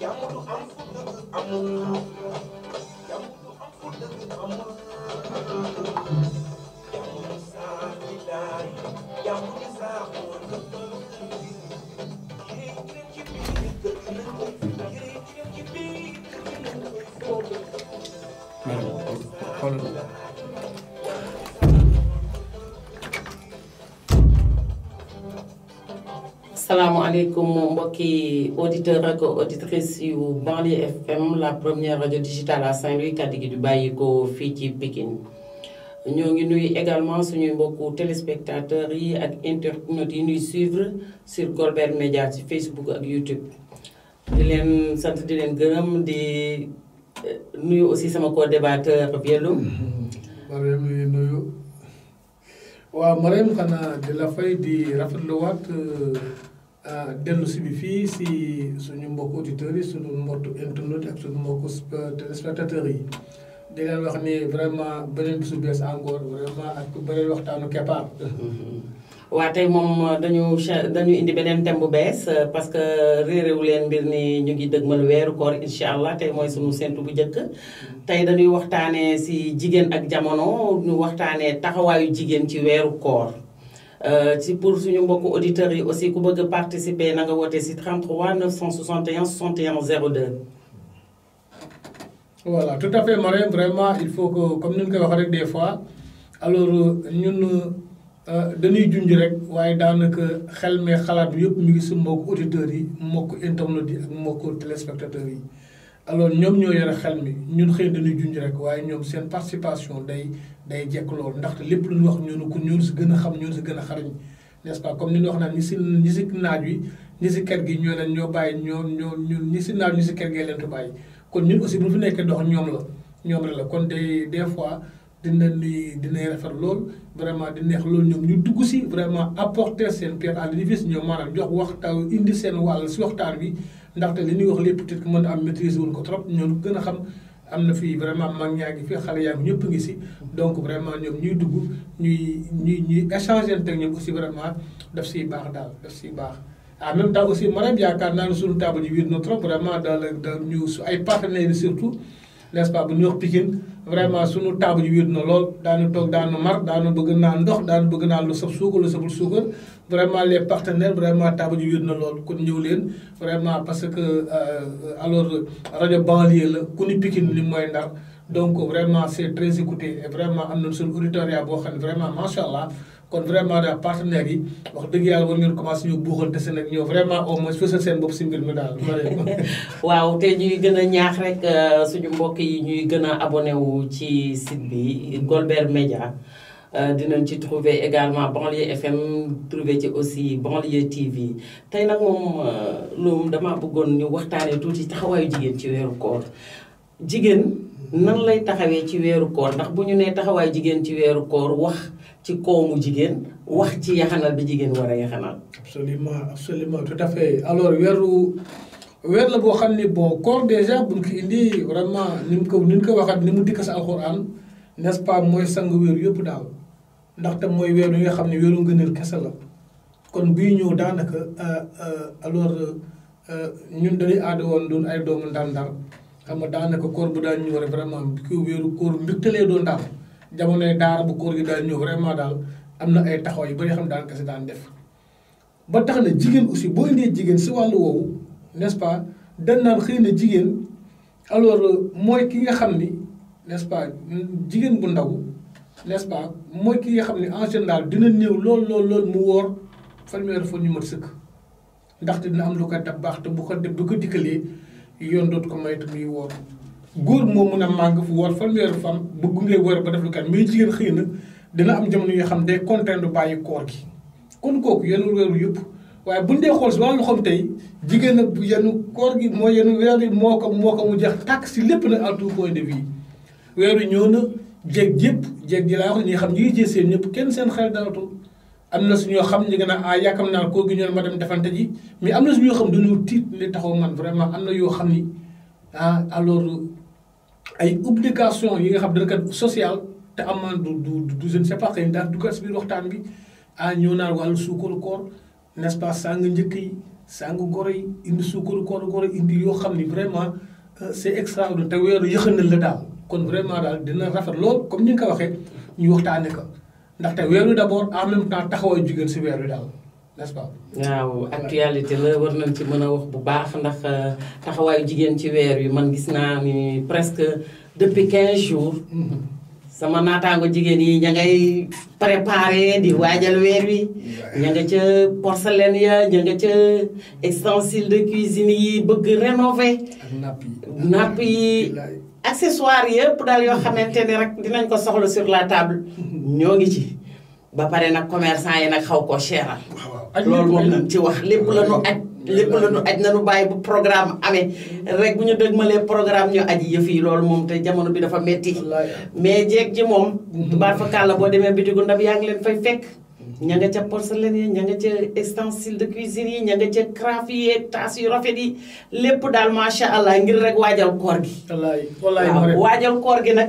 jàmm du am fu dëgg amul jàmm du am fu dëgg amul salaamaaleykum mbokki auditeur et auditrice du Banlieue FM la première radio digitale à Saint-Louis capitale du bàyyi ko fii ci Pikine ñoo ngi nuyu également beaucoup mbokku téléspectateurs et ak internautes qui ñuy suivre sur Colbert Media, ci Facebook et YouTube di avons aussi di aussi gërëm di euh, aussi sama débatteur nous, Oui, je nuyu waaw la xanaa di la fay di Ah, dellu si bi fii si suñu mbokk auditeurs yi suñu mbokk internautes ak suñu mbokk téléspectateurs yi di leen wax ni vraiment beneen bisu bees encore vraiment ak beneen waxtaanu keppaar waa tey moom dañu dañu indi beneen thème bu bees parce que réeréwu leen mbir ni ñu ngi dëgmal weeru koor incha allah tey mooy sunu séntu bu njëkk tey dañuy waxtaanee si jigen ak jamono ñu waxtaanee taxawaayu jigéen ci weeru koor Euh, ci pour suñu auditeurs aussi ku bëgg participer nga 33 961 61 02. voilà tout à fait Marème vraiment il faut que comme nous, l'avons koy des fois alors euh, nous euh, dañuy junj rek waaye daanaka xel mi xalaat bi yëpp mi auditeurs yi mbokku internet yi ak téléspectateurs alors ñom ñoo yore xel mi ñun xëy dañu junj rek waaye ñom seen participation day day jekk lool ndax lépp lu ñu wax ñoo ko ñoo si gën a xam ñoo si gën a xarañ n'est-ce pas comme ni ñu wax naan ñi si ñi si naaj wi ñi si ker gi ñoo leen ñoo bàyyi ñoo ñoo ñun ñi si naaj ñi si ker gee leen bàyyi kon ñun aussi bu fi nekkee dox ñoom la ñoom rek la kon day des fois dina ni dinay rafet lool vraiment di neex loolu ñoom ñu dugg si vraiment apporter seen pierre à l'édifice ñoom maanaam jox waxtaan indi seen wàll si waxtaan bi ndaxte li ñuy wax lépp peut-être que mën am maîtrise wuñ ko trop ñoom gën a xam am na fi vraiment mag ñaa ngi fi xale yaa ngi ñëpp ngi si donc vraiment ñoom ñuy dugg ñuy ñuy ñuy échanger teg ñoom si vraiment def si baax daal daf si baax en même temps aussi Marème yaakaar naa ne suñu table yi wiir na trop vraiment daal da ñu su ay partenaires surtout n'est-ce pas bu ñu wax Pikine vraiment suñu taabu ji wéet na lool daanu toog daanu mar daanu bëgg naa ndox daanu bëgg naa lu saf suukar lu saful suukar vraiment les partenaires vraiment taabu ji wéet na lool kon ñëw leen vraiment parce que euh, alors rajo banlieue la ku ni Pikine li mooy Ndar donc vraiment c'est très écouté vraiment am nañu seen auditoriat boo xam ne vraiment macha allah. kon vraiment daal partenaires yi wax dëgg yàlla war ngeen commencé ñu buuxal dese nag ñëw vraiment au moins fësal seen bopp si mbir mi daal. waaw te ñuy a ñaax rek euh, suñu mbokk yi ñuy gën a abonné wu ci site bi Golbert Media euh, dinañ ci trouver également Banlieue FM trouver ci aussi Banlieue TV tey nag moom euh, loolu damaa bëggoon ñu waxtaanee tuuti taxawaayu jigéen ci weeru koor jigéen nan lay taxawee ci weeru koor ndax bu ñu nee taxawaayu jigéen ci weeru koor wax. ci koomu jigéen wax ci yaxanal bi jigéen war a yaxanal absolument absolument tout à fait alors weeru weer la boo xam ni bon koor déjà buñ ko indi vraiment ni mu ko ni mu ko waxat ni mu dikk sa alxuraan n'est-ce pas mooy sang wér yëpp daal ndaxte mooy weer yi nga xam ne weeru ngëneel kese la kon bii ñëw daanaka euh, euh, alors euh, ñun dañuy aada woon doon ay doomu ndaan xam nga daanaka koor bu daan ñëw rek vraiment kii wéeru koor mbégte lay doon daal jamonoy daara bu koor gi daal ñëw vraiment daal am na ay taxaw yu bari xam daan kese daan def ba tax na jigéen aussi boo indee jigéen si wàllu woowu n'est-ce pas dañ naan xëy na jigéen alors euh, mooy kii nga xam ni nest pas jigéen bu ndaw n'est-ce pas mooy ki nga xam ne en général dina néew lool lool lool mu wóor fanweeri fan ñu mat sëkk ndaxte dina am lu ko def baax te bu ko def bu ko dikkalee yoon dootu ko moytu muy wóor. góor moo mun a màgg fu war fanweeri fan bu gungee wër ba def lu kat mais jigéen xëy na dina am jamono yoo xam day contraindre bàyyi koor gi kon kooku yenn weeru yëpp waaye buñ dee xool si wàllu xam tey jigéen a yenn koor gi moo yenn weer moo ko moo ko mu jeex tàkk si lépp nag à tout point de vue weeru ñëw na jéeg yëpp jéeg ji laa wax ñi xam ñi ngi jée seen ñëpp kenn seen xel dalatul am na suñoo xam ñi gën a ah yàkkam naa koo gi ñoon ma dem defante ji mais am na suñoo xam dañoo tiit li taxaw man vraiment am na yoo xam ni ah alors ay obligation yi nga xam ne kat social te amaan du du du je ne daal duggaat si biir waxtaan bi ah ñëw naan wàllu suukaru koor n'est-ce pas sàng njëkk yi sàng goro yi indi suukaru koor goro indi yoo xam ni vraiment euh, c'est extraordinaire te weeru yëxanal la daal kon vraiment daal dina rafet lool comme ni nga ko waxee ñu waxtaanee ko ndaxte weeru d'abord en même temps taxawaayu jigéen si weer wi daal. nest waaw actualité la war nañ ci mën a wax bu baax ndax euh, taxawaayu jigéen ci weer wi man gis naa ni presque depuis 15 jour mm-hmm. sama naataango jigéen yi ña ngay préparé di waajal weer wi ña nga ca porcelaine ya ña nga ca ustensile de cuisine yi bëgg rénover napp yi accessoire yëpp daal yoo xamante ni rek dinañ ko soxla sur la table mm-hmm. ñoo ngi ci ba pare nag commerçant yi nag xaw ko cheral loolu moom lañ ci wax lépp la ñu aj lépp la ñu aj na nu bàyyi bu programme amee rek bu ñu dëgmalee programme ñu aj yëf yi loolu moom te jamono bi dafa metti mais jeeg ji moom mhm. tubaar fa kàlla boo demee bitigu ndab yaa ngi leen fay fekk ña nga ca porcelaine yi ña nga ca ustensile de cuisine yi ña nga ca craft yi taas yu rafet yi lépp daal macha allah ngir rek waajal koor gi wallaay waajal koor gi nag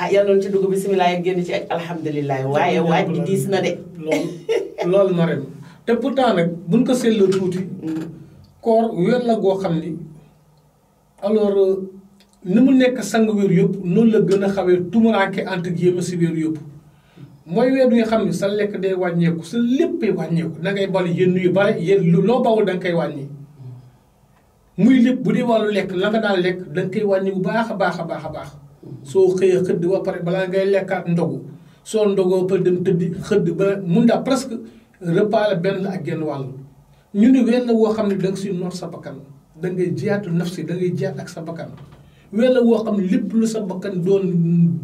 ah yal noonu ci dugub bisimilah génn ci ak alhamdulilah waaye waaj gi te pourtant nag buñ ko seetloo tuuti. koor weer la goo xam ni alors euh, ni mu nekk sangu weer yëpp noonu la gën a xawee tumuraanke entre guillemets si weer yëpp. mooy weer wi xam ni sa lekk day wàññeeku sa léppay wàññeeku da ngay bari yenn yu bare yenn loo bawul da koy wàññi. muy lépp bu dee wàllu lekk la nga daan lekk da koy wàññi bu baax a baax a baax a baax soo xëyee xëdd ba pare balaa ngay lekkaat ndogu soo ndogoo ba dem tëdd xëdd ba mun daa presque. repas la benn la ak genn wàll ñu ni weer la woo xam ne da nga siy noot sa bakkan da ngay jiyaatu naf si da ngay jiyaat ak sa bakkan weer la woo xam ne lépp lu sa bakkan doon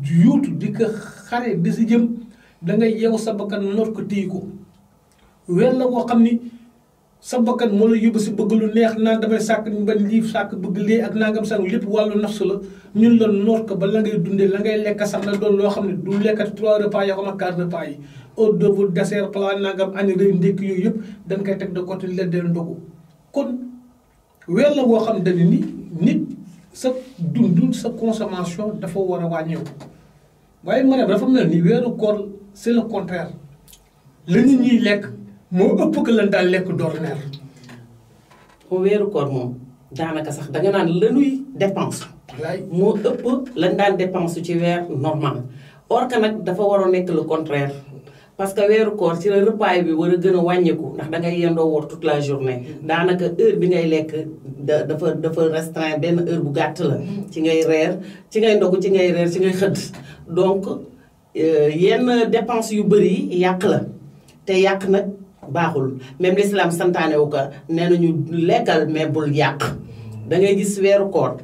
yuutu di ko xare di si jëm da ngay yeewu sa bakkan noot ko téye ko weer woo xam ni sa bakkan moo la yóbbu si bëgg lu neex naan damay sàkk ba lii sàkk bëgg lee ak nangam sàkk lépp wàllu nafsu la ñun la noot ko ba la ngay dundee la ngay lekk sax la doon loo xam ne du lekkat trois repas yoo xam ak quatre yi hors d'oeuvre dessert plat nangam añ rëy ndékki yooyu yëpp dañ koy teg de côté la del ndogu kon weer la boo xam dañu ni nit sa dund sa consommation dafa war a wàññeeku waaye ma ne dafa mel ni weeru koor c'est le contraire la nit ñiy lekk moo ëpp que lan daal lekk d'ordinaire moom weeru moom daanaka sax danga naan lanuy dépense moo ëpp lan daan dépense ci weer normal or nag dafa war a nekk le contraire parce que weeru koor ci la repas bi war a gën a wàññeeku ndax dangay yendoo woor tout la journée mm-hmm. daanaka heure bi ngay lekk dafa dafa restreint benn heure bu gàtt la mm-hmm. ci ngay reer ci ngay ndogu ci ngay reer ci ngay xëdd donc euh, yenn dépense yu bëri yi yàq la te yàq nag baaxul même l'islam santaane wu ko nee na nañu lekkal mais bul yàq mm-hmm. da ngay gis weeru koor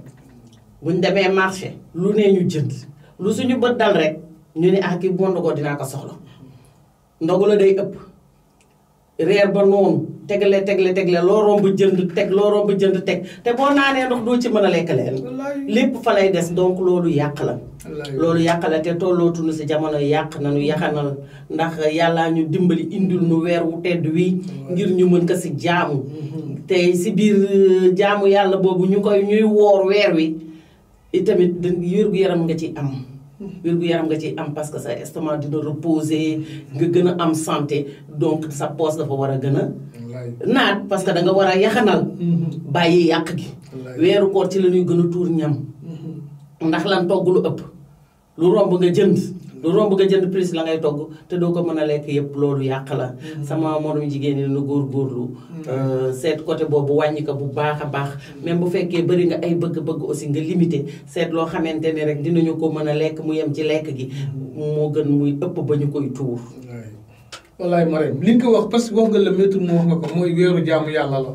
buñ demee marché lu ne ñu jënd lu suñu bët dal rek ñu ne ah kii bu ma ndogoo dinaa ko soxla ndogu la day ëpp reer ba noonu tegle tegle tegle loo romb jënd teg loo teg te boo naanee ndox doo ci mën a lekk leen lépp fa lay des donc loolu yàq la loolu yàq la te tollootuñu si jamono yàq na nu yaxanal ndax yàlla ñu dimbali indil nu weer wu tedd wi ngir ñu mën ko si jaamu te si biir euh, jaamu yàlla boobu ñu koy ñuy woor weer wi tamit wér gu yaram nga ci am wér gu yaram nga ciy am parce que sa estomac dina reposer nga gën a am santé donc sa poche dafa war a gën a naat parce que da war a yaxanal mm-hmm. bàyyi yàq gi weeru koor ci la ñuy gën a tuur ñam mm-hmm. ndax lan togg ëpp lu romb nga jënd du romb nga jënd prise la ngay togg te doo ko mën a lekk yëpp loolu yàq la mm-hmm. sama morom jigéen ñi nu góorgóorlu mm-hmm. euh, seet côté boobu wàññi ko bu baax a baax mm-hmm. même bu fekkee bëri nga ay bëgg-bëgg aussi nga limité seet loo xamante ne rek dinañu ko mën a lekk mu yem ci lekk gi moo gën muy ëpp ba ñu koy tuur wallaay Marème li nga ko wax parce que wax nga la maître mu wax nga ko mooy weeru jaamu yàlla la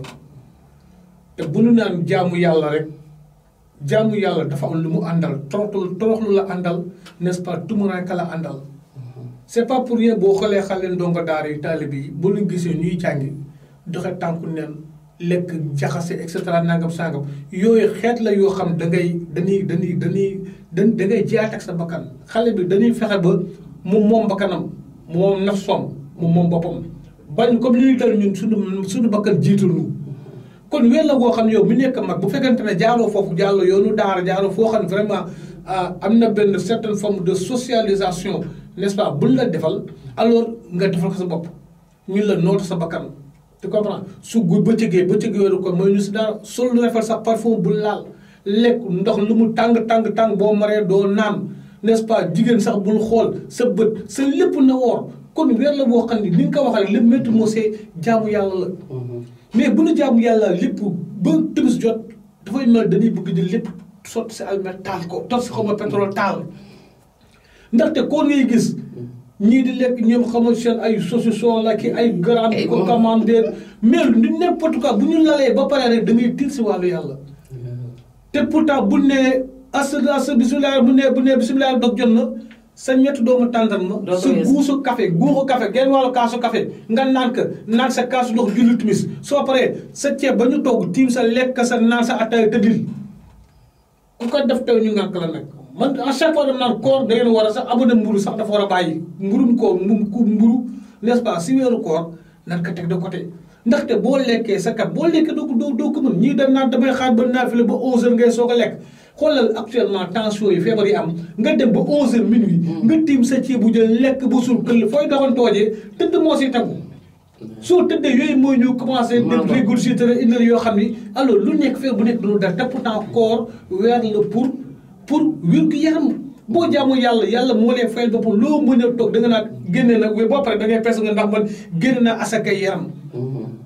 te bu nu naan jaamu yàlla rek jaamu yàlla dafa am lu mu àndal toroxlu toroxlu la àndal n'est-ce pas tumuraanka la àndal c'est pas pour rien boo xoolee xale ndongo daara yi taalibe yi boo leen gisee ñuy jàngi doxe tànku neen lekk jaxase et cetera nangam sangam yooyu xeet la yoo xam da ngay dañuy dañuy dañuy da da ngay ak sa bakkan xale bi dañuy fexe ba mu moom bakkanam mu moom naf soom mu moom boppam bañ comme li ñuy dal ñun suñu suñu bakkan jiitu ñu kon wér la goo xam yow mi nekk mag bu fekkente ne jaaroo foofu jàlloo yoonu daara jaaroo foo xam vraiment ah, am na benn certaine forme de socialisation n'est-ce pas la defal alors nga defal ko sa bopp ñu la nootu sa bakkan te comprends su gu bëccëgee bëccëg weeru ko mooy ñu si dara sol lu rafet sa parfum bu laal lekk ndox lu mu tàng tàng tàng boo maree doo naan nest pa jigéen sax bul xool sa bët sa lépp na woor kon weer la boo xam ne ni nga ko waxee lépp métti moo see jaamu yàlla la. Mm-hmm. mais bu nu jaamu yàlla lépp ba timis jot dafay mel dañuy bëgg di lépp sotti si almet taal ko tos si xaw ma pétrole taal te koo ngay gis ñii di lekk ñoom xamal seen ay saucisson la ki ay garam ko commandé mais du n'importe quoi bu ñu lalee ba pare rek da ngay tiir si wàllu yàlla te pourtant bu ne as as bisimilah bu ne bu ne bisimilah dog jot na sa ñetti doomu tàndarma sa guusu café guuxu kafe genn wàllu kaasu café nga naan ka naan sa kaasu ndox julli timis soo paree sa ceeb ba ñu togg tiim sa lekk sa naan sa attaaya tëddil ku ko def taw ñu ngànk la nag man à chaque fois dam naan koor da ngeen war a sax abonné mburu sax dafa war a bàyyi mburum koor mum ku mburu n'est-ce pas si weeru koor nan ko teg de côté ndaxte boo lekkee sa kat boo lekkee doo ko doo ko mën ñii dem naan damay xaar ba naafile ba 11 heures ngay soog a lekk xoolal actuellement tension yi feebar yi am nga dem ba 11h minuit. Hmm. nga tiim sa ceeb bu jël lekk bu suur këll fooy doxantoojee tëdd moo si tagu soo tëddee yooyu mooy ñu commencé. dem régurgiter indil yoo xam ni. alors lu nekk fee bu nekk du dara te pourtant koor weer la pour pour wér-gu-yaram boo jaamu yàlla yàlla moo lay fayal boppam loo mën a toog da nga naan génne na boo paree da ngay pes nga ndax man génne naa asaka yaram. Hmm.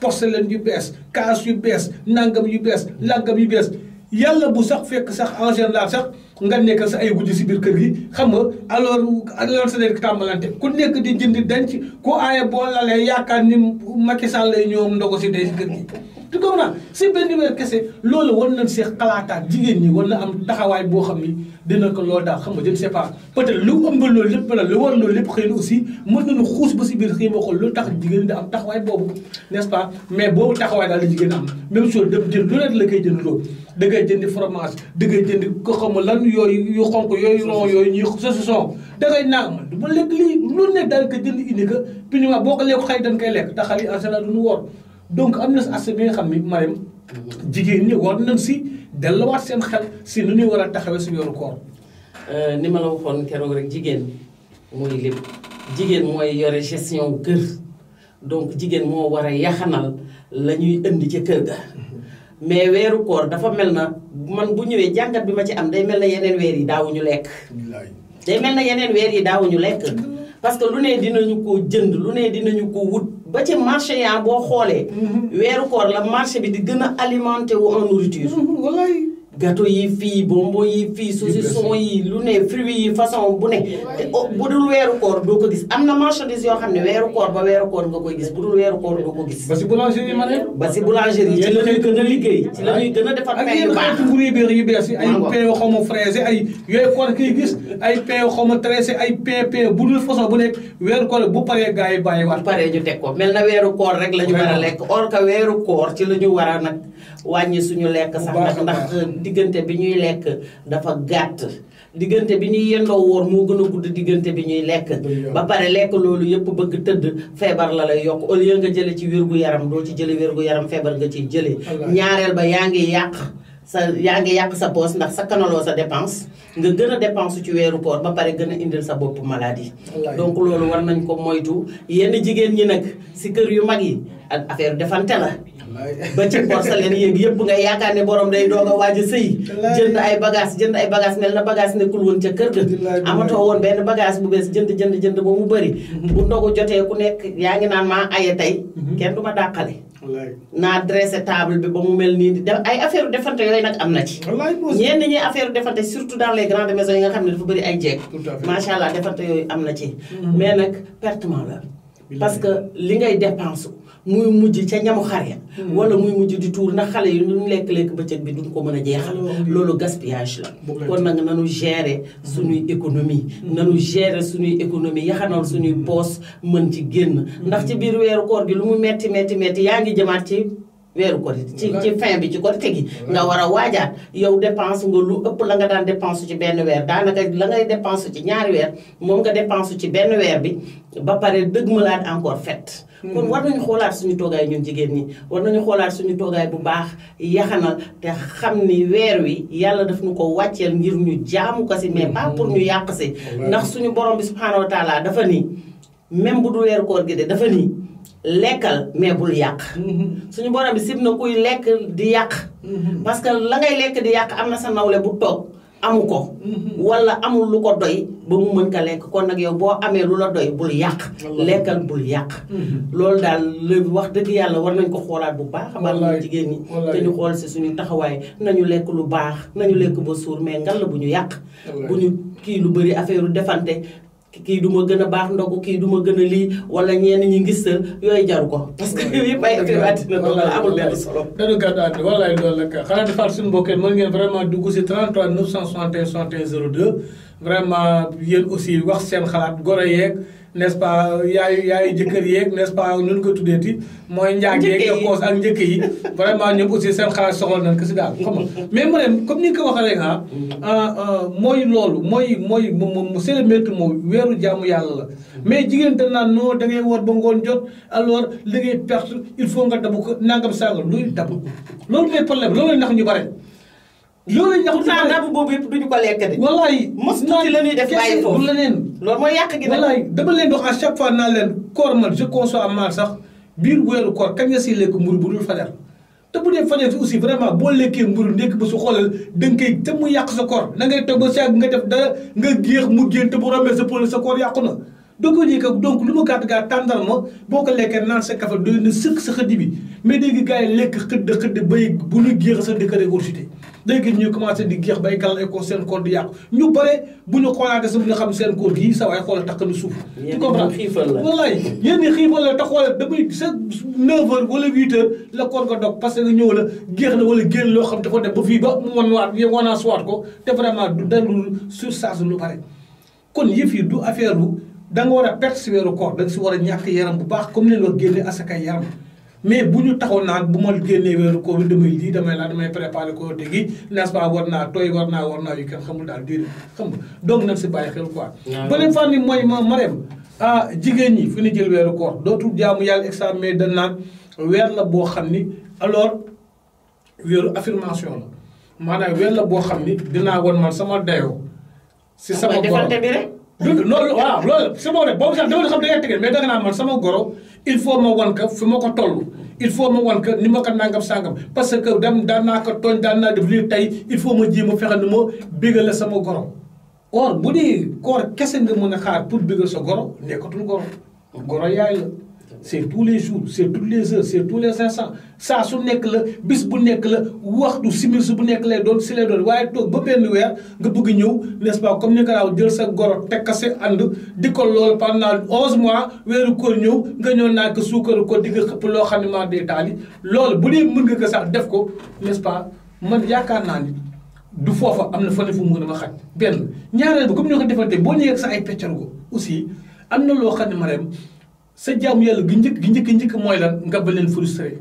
porcelaine yu bees kaas yu bees nangam yu bees langam yu bees yàlla bu sax fekk sax en général sax nga nekk sa ay guddi si biir kër gi xam nga alors alors sa nekk tàmbalante ku nekk di jënd denc ku aaye boo yaakaar ni Macky Sall lay ñëw ndogo si day si kër gi. tu comprends si benn weer kese loolu war na see xalaataat jigéen ñi war na am taxawaay boo xam ni dina ko loolu daal xam nga je ne sais pas peut-être lu ëmb loolu lépp wala lu war loolu lépp xëy na aussi mën nañu xuus ba si biir xëy ma xool loolu tax jigéen da am taxawaay boobu n'est-ce pas mais boobu taxawaay daal la jigéen am même chose dem jënd lu nekk la koy jënd loolu da ngay jëndi fromage da ngay jëndi ko xam lan yooyu yu xonk yooyu roo yooyu ñuy saucisson da ngay naan ma du ma lekk lii lu ne daal ko jënd indi ko puis boo ko lekk xëy dañ koy lekk donc am na aspect bi nga xam ni Marème jigéen ñi war nañ si delluwaat seen xel si lu ñuy war a taxawe si yoru koor. Euh, ni ma la waxoon keroog rek jigéen mooy lépp jigéen mooy yore gestion kër donc jigéen moo war a yaxanal la ñuy indi ca kër ga. mais weeru koor dafa mel na man bu ñëwee jàngat bi ma ci am day mel na yeneen weer yi daawuñu lekk. day na yeneen weer yi daawuñu lekk. parce que lu ne dinañu ko jënd lu ne dinañu ko wut. ba ci marché yaa boo xoolee. Mm-hmm. weeru koor la marché bi di gën a alimenté wu en nourriture. Mm-hmm. gato yi fii bonbon yi fii saucisson yi lu ne fruits yi façon bu ne eh, oh, bu dul weeru koor doo ko gis am na marchandise yoo xam ne weeru koor ba weeru koor nga koy gis bu dul weeru koor doo ko gis. ba si boulangerie ma ne. ba si boulangerie ci la ñuy gën a liggéey. ci la ñuy gën a defar pain yu baax ak yéen xeetu yu bees yi ay pain yoo xaw ma fraisé ay yooyu koor kiy gis ay pain yoo xaw ma tressé ay pain pain bu dul façon bu nekk weeru koor bu paree gars yi bàyyiwaat. bu paree ñu teg ko mel na weeru koor rek la ñu war a lekk or que weeru koor ci la ñu war a nag wàññi suñu lekk sax nag ndax euh, diggante bi ñuy lekk dafa gàtt diggante bi ñuy yendoo woor moo gën a gudd diggante bi ñuy lekk ba pare lekk loolu yëpp bëgg tëdd feebar la lay yokk au lieu jële ci wér-gu-yaram doo ci jële wér yaram feebar nga ciy jële ñaareel ba yaa ngi yàq sa yaa ngi yàq sa poos ndax sa kanaloo sa dépense nga gën a dépense ci weeru koor ba pare gën a indil sa bopp maladie donc loolu war nañ ko moytu yenn jigéen ñi nag si kër yu mag yi ak affaire defante la ba ci porcelaine yéeg yëpp nga yaakaar ne borom day doog a waaj sëy jënd ay bagage jënd ay bagage mel na bagage nekkul woon ca kër ga amatoo woon benn bagage bu bees jënd jënd jënd ba mu bëri mhm. bu ndogu jotee ku nekk yaa ngi naan maa aye tey mhm. kenn du ma dàqale naa dressé table bi ba mu mel nii di def ay affaire defante yooyu nag am na ci ñenn ñi affaire defante surtout dans les grandes maisons yi nga xam ne dafa bëri ay jeeg macha allah defante yooyu am mhm. li ngay dépense muy mujj ca ñamu xare mm. wala muy mujj di tuur ndax xale yi luñ lekk-lekk bëccëg bi duñ ko mën a jeexal loolu gaspillage la kon nag nanu gérer mm. suñuy économie mm. nanu gérer suñuy économie yaxanal suñuy poos mën ci génn ndax ci biir weeru koor gi lu mu metti metti metti yaa ngi jëmaat ci weeru korite ci ci fin bi ci korite gi nga war a waajaat yow dépense nga lu ëpp la nga daan dépense ci benn weer daanaka la ngay dépense ci ñaari weer moom nga dépense ci benn weer bi ba pare dëgmalaat encore fête hmm. kon war nañu xoolaat suñu toogaay ñun jigéen ñi war nañu xoolaat suñu toogaay bu baax yaxanal te xam ni weer wi yàlla daf ñu ko wàcceel ngir ñu jaamu ko si mais pas pour ñu yàq si hmm. ndax suñu borom bi subhaanahu wa taala dafa nii même bu du weeru koor gi de dafa nii lekkal mais bul yàq. Mm-hmm. suñu borom bi sib na kuy lekk di yàq. Mm-hmm. parce que la ngay lekk di yàq am na sa nawle bu toog amu ko. Mm-hmm. wala amul lu ko doy ba mu mën ka lekk kon nag yow boo amee lu la doy bul yàq. lekkal bul yàq. loolu daal léegi wax dëgg yàlla war nañ ko xoolaat bu baax. wallaay jigéen ñi te ñu xool si suñu taxawaay nañu lekk lu baax nañu lekk ba suur mais ngal la bu ñu yàq. bu ñu kii lu bëri affaire defante. kii du ma gën a baax ndogu kii du ma gën a lii wala ñenn ñi ngistal yooyu jaru ko. parce que yëpp ay privatif la loolu amul benn solo. danu gàddaante wallaay loolu la ka xanaa defaat suñu mbokk yi mën ngeen vraiment dugg si 33 961 61 02 vraiment yéen aussi wax seen xalaat goro yeeg. nest pa pas yaay yaayu jëkkër yeeg nest pa pas nun ko tuddee ti mooy njaag yeeg ak koos ak njëkk yi vraiment ñoom aussi seen xalaat soxla nañ ko si daal mais mu ne comme ni ko waxee rek ah, ah, ah, mooy loolu mooy mooy moom c'est le maître moo weeru jaamu yàlla la mais jigéen da naan non da ngay war ba ngoon jot alors li ngay il faut nga dabu ko nangam sàngam luy dabu loolu mooy problème loolu ndax ñu bare loolu ñax ñu bare pourtant dabu boobu yëpp duñu ko lekk de wallaay mos tuuti la ñuy def bàyyi foofu leneen loolu mooy yàq gi nag dama leen dox à chaque fois naan leen koor man je conçois mal sax biir weeru koor kañ nga siy lekk mburu bu dul fajar te bu dee fajar fi aussi vraiment boo lekkee mburu nekk ba su xoolal da nga koy te mu sa koor da ngay toog ba nga def dara nga géex mu génn te bu rombee sa pôle sa koor yàqu na. donc donc lu ma gàtt gàtt tàndarma boo ko lekkee naan sa kafe doy na sëkk sa xëdd bi mais léegi gars yi lekk xëdd xëdd bay bu ñu géex sa dëkk rek day gis ñuy commencé di géex bay gàll ko seen koor di yàqu ñu bare bu ñu xoolaate sa bu nga xam seen koor gi sa waay xoolal takk na suuf tu comprends wallaay xiifal la te xoolal damay sa neuf wala huit heures la koor que ñëw la géex wala génn loo xam dafa def ba fii ba mu wan waat ko te vraiment du dalul sur sage lu bare kon yëf yi du affaire lu da nga war a perte si weeru koor da si war a ñàkk yaram bu baax comme leen war génne asaka yaram mais bu ñu taxaw naan bu ma génnee weeru koor damay lii damay laa damay préparé ko te gi n'est-ce pas war naa tooy war naa war naa yu kenn xamul daal déedéet xam nga donc si bàyyi xel quoi. mooy ma Marème ah jigéen fi ñu jël weeru koor dootul jaamu yàlla examen da dañ naan weer la boo xam ni alors weeru affirmation la maanaam weer la boo xam ni dinaa woon man sama dayoo. si sama goro defante bi rek. loolu waaw loolu sama rek boobu sax dama xam da ngay tege mais danga naan man sama goro. il faut ma wan ka fi ma ko toll il faut ma wan ka ni ma ko nangam sangam parce que dem daan naa ko ton daan naa def lii tey il faut ma jéem a fexe ni ma bégale sama goro or bu dee koor kese nga mën a xaar pour bégal sa goro nekkatul goro goro yaay c'est tous les jours c'est tous les heures c'est tous les instants Ça, su nekk la bis bu nekk la waxtu simil su bu nek le, doon si lay doon waaye toog ba ben weer nga bëgg ñëw n'est-ce pas comme ni nga daaw jël sa goro teg ko sa ànd di pendant 11 mois weeru koor ñëw nga ñëw naa ko suukaru ko di nga xëpp loo xam ne maa bu dee mën ke ko sax def ko n'est-ce pas man yaakaar naa ni du foofa amna fane fu mu mën a ma xaj benn ñaareel bi comme ñoo ko defante boo ñëwee sa ay go, aussi amna lo loo xam sa jaamu yàlla gi njëkk gi njëkk njëkk mooy lan nga ba leen frustré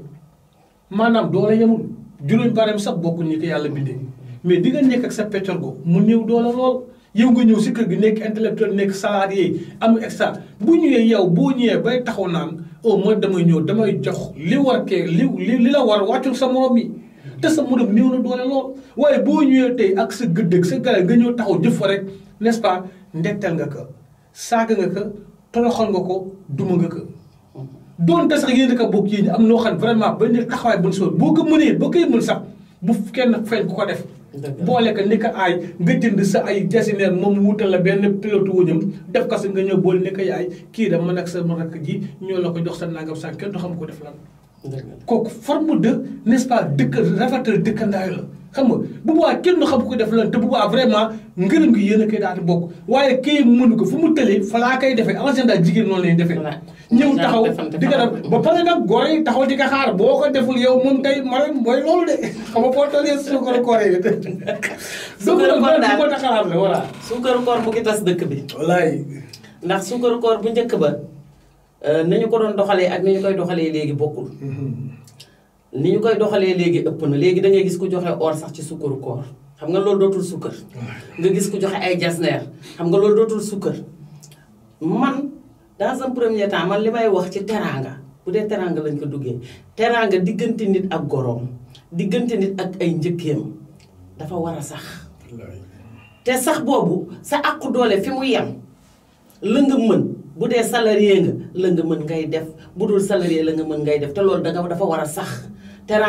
maanaam doole yemul juróomi bareem sax bokkul ni ko yàlla bindee mais di nga nekk ak sa pétorgo mu néew doole lool. yow nga ñëw si kër gi nekk intellectuel nekk salarié am extra bu ñëwee yow boo ñëwee bay taxaw naan au oh, moins damay ñëw damay jox li war kee li li la war wàccul sa morom yi te sa morom néew na doole lool. waaye boo ñëwee tey ak sa gëdd ak sa gala nga ñëw taxaw jëf fa rek n'est-ce pas nga ko saaga nga ko. toroxal nga ko duma nga ko. doon sax yéen a ko bokk yéen am noo xam vraiment ba ñu taxawaay bu ñu soobee boo ko mënee ba koy mën sax bu kenn feeñ ku ko def. boole ko ni ko aay nga jënd sa ay jasineer moom wutal la benn pilote wuñam def ko si nga ñëw boole ni ko yaay kii da man ak sa man ak ñoo la ko jox sa nangam sax kenn du xam ko def lan. kooku forme de n'est-ce pas dëkk rafetal dëkkandaayu la xam nga bu boobaa kenn xam ko def lan te bu boobaa vraiment ngërëm gi yéen a koy di bokk waaye kii mënu ko fu mu tëlee fa laa koy defee en général jigéen noonu lay defee. ñëw taxaw di ko def ba pare nag góor yi taxaw di ko xaar boo ko deful yow moom tey mara mooy loolu de xam nga boo tëlee suukaru koor yi de. suukaru koor daal suukaru koor bu ko taxaar la voilà. suukaru koor bu ki tas dëkk bi. wallaay. ndax suukaru koor bu njëkk ba. Euh, ni ñu ko doon doxalee ak ni koy doxalee léegi bokkul mm-hmm. ni ñu koy doxalee léegi ëpp na léegi da gis ku joxe or sax ci sukkaru koor xam nga loolu dootul sukkar mm-hmm. nga gis ku joxe ay jasneer xam nga loolu dootul sukkar man dans un premier temps man li may wax ci teraanga bu dee teraanga lañ ko duggee teraanga diggante nit ak goroom diggante nit ak ay njëkkeem dafa war sax te sax boobu sa àqu doole fi mu yam la nga mën bu dee salarié nga la nga mën ngay def bu dul salarié la nga mën ngay def te loolu da nga dafa war a sax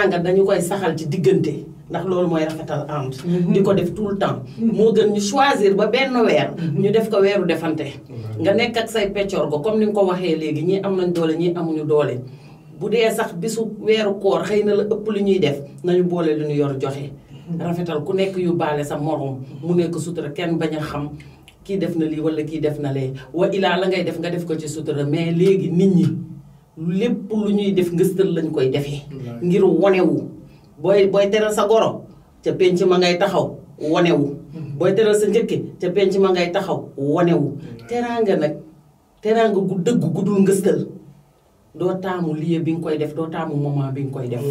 nga dañu koy saxal ci diggante ndax loolu mooy rafetal ànd mhm. di ko def tout le temps mhm. moo gën ñu choisir ba benn weer mhm. ñu def ko weeru defante nga nekk ak say peccoor ba comme ni nga ko waxee léegi ñii am nañ doole ñii amuñu doole bu dee sax bisu weeru koor xëy na la ëpp lu ñuy def nañu boole lu ñu yor joxe rafetal ku nekk yu baale sa morom mu nekk sutura kenn bañ a xam kii def na lii wala kii def na lee wa ilaa la ngay def nga def ko ci sutura mais léegi nit ñi lépp lu ñuy def ngëstal lañ koy defee. ngir wonewu booy booy teral sa goro ca penc ma ngay taxaw wonewu mm-hmm. booy teral sa njëkk ca penc ma ngay taxaw wonewu teraanga nag teraanga gu dëgg gudul ngëstal doo taamu lieu bi nga koy def doo taamu moment bi nga koy def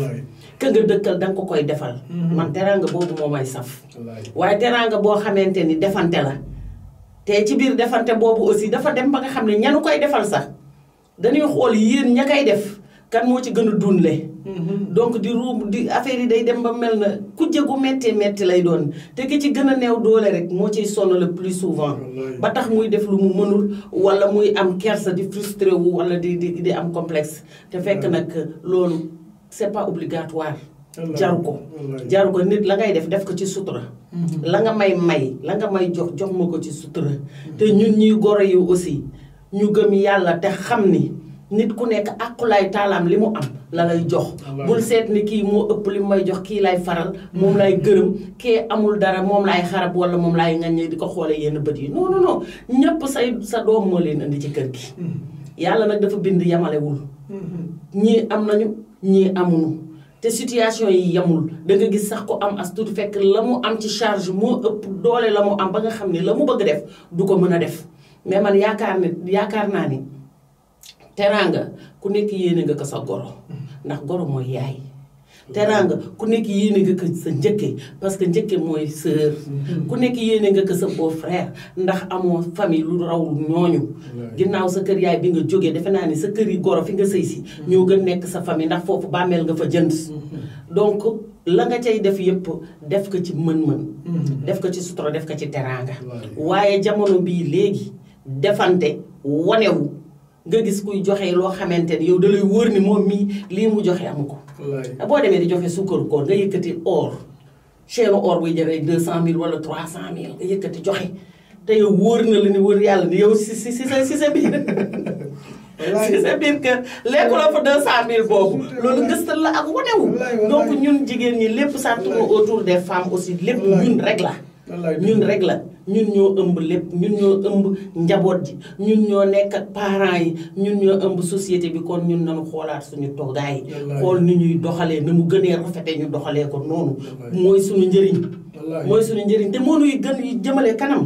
ka nga dëkkal danga ko koy defal mm-hmm. man teraanga boobu moo saf waaye teraanga boo xamante ni defante la te ci biir defante boobu aussi dafa dem ba nga xam ne ñanu koy defal sax dañuy xool yéen ña koy def kan moo ci gën a dunle mhm. donc di ruub di affaire yi day dem ba mel na kujje gu métti métti lay doon te ki ci gën a néew doole rek moo ciy sonn le plus souvent. ba tax muy def lu mu mënul wala muy am kersa di frustré wu wala di di di am complexe. te fekk nag loolu c'est pas obligatoire. jaru ko jaru ko nit la ngay def def ko ci sutura mhm. la nga may may la nga may jox jox ma ko ci sutura te ñu ñuy goro yi aussi ñu gëm yàlla te xam ni nit ku nekk àqulaay taalaam li mu am la lay jox bul seet ni kii moo ëpp li may jox kii lay faral moom lay gërëm kii amul dara moom lay xarab wala moom lay ŋaññee di ko xoole yenn bët yi non non non ñépp sa doom moo leen indi ci kër gi mhm. yàlla nag dafa bind yamalewul mhm. ñii am nañu ñii amuñu te situation yi yamul da nga gis sax ko am as tuuti fekk la mu am ci charge moo ëpp doole la mu am ba nga xam ne la mu bëgg def du ko mën a def mais man yaakaar ne yaakaar naa ni teraanga ku nekk yéene nga ko sa goro mm. ndax goro mooy yaay teraanga ku nekk yéene nga ko sa njëkke parce que njëkke mooy sœur mm-hmm. ku nekk yéene nga ko sa beau frère ndax amoo famille lu raw ñooñu ginnaaw sa kër yaay bi nga jógee defe naa ni sa kër yi goro fi nga sëy si mm-hmm. ñoo gën nekk sa famille ndax foofu bàmmeel nga fa jënd mm-hmm. donc la nga cay def yëpp def ko ci mën-mën def ko ci sutura def ko ci teraanga waaye jamono bii léegi defante wanewu nga gis kuy joxe loo xamante ni yow da lay wóor ni moom mii lii mu joxe am ko boo demee di joxe sukkaru koor nga yëkkati or chaîne or buy jaree deux cent mille wala trois cent mille nga yëkkati joxe te yow wóor na la ni wóor yàlla ni yow si si si sa si sa biir si sa biir kër lekku la fa deux cent mille boobu loolu ngëstal la ak wanewu donc ñun jigéen ñi lépp ça tourne autour des femmes aussi lépp ñun rek la ñun rek la ñun ñoo ëmb lépp ñun ñoo ëmb njaboot ji ñun ñoo nekk ak parents yi ñun ñoo ëmb société bi kon ñun nañu xoolaat suñu toggaay xool ni ñuy doxalee ni mu gënee rafetee ñu doxalee ko noonu mooy suñu njëriñ mooy suñu njëriñ te moo ñuy gën yu jëmale kanam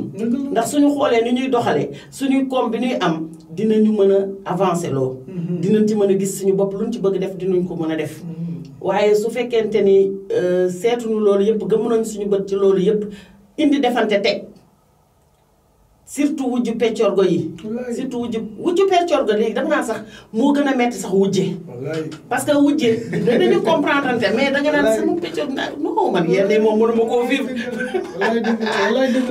ndax suñu xoolee ni ñuy doxalee suñuy koom bi ñuy am dinañu mën a avancer loolu mm-hmm. dinañ ci mën a gis suñu bopp luñ ci bëgg def dinañ ko mën a def mm-hmm. waaye su fekkente ni euh, seetuñu loolu yëpp gëmm suñu bët ci loolu yëpp indi defante teg surtout wujju peccorgo yi. surtout wujju wujju peccorgo léegi dama naa sax moo gën a metti sax wujje. parce que wujje danañu comprendre te mais danga naan sama peccor naa non man yéen de moom mënuma koo vivre.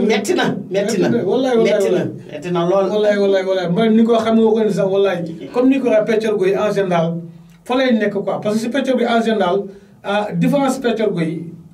metti na metti na metti na metti na lool. wallaay wallaay wallaay ni ko xam ko ni sax wallaay comme ni ko waxee peccorgo yi en général lay nekk quoi parce que si peccorgo bi en général ah différence peccorgo yi.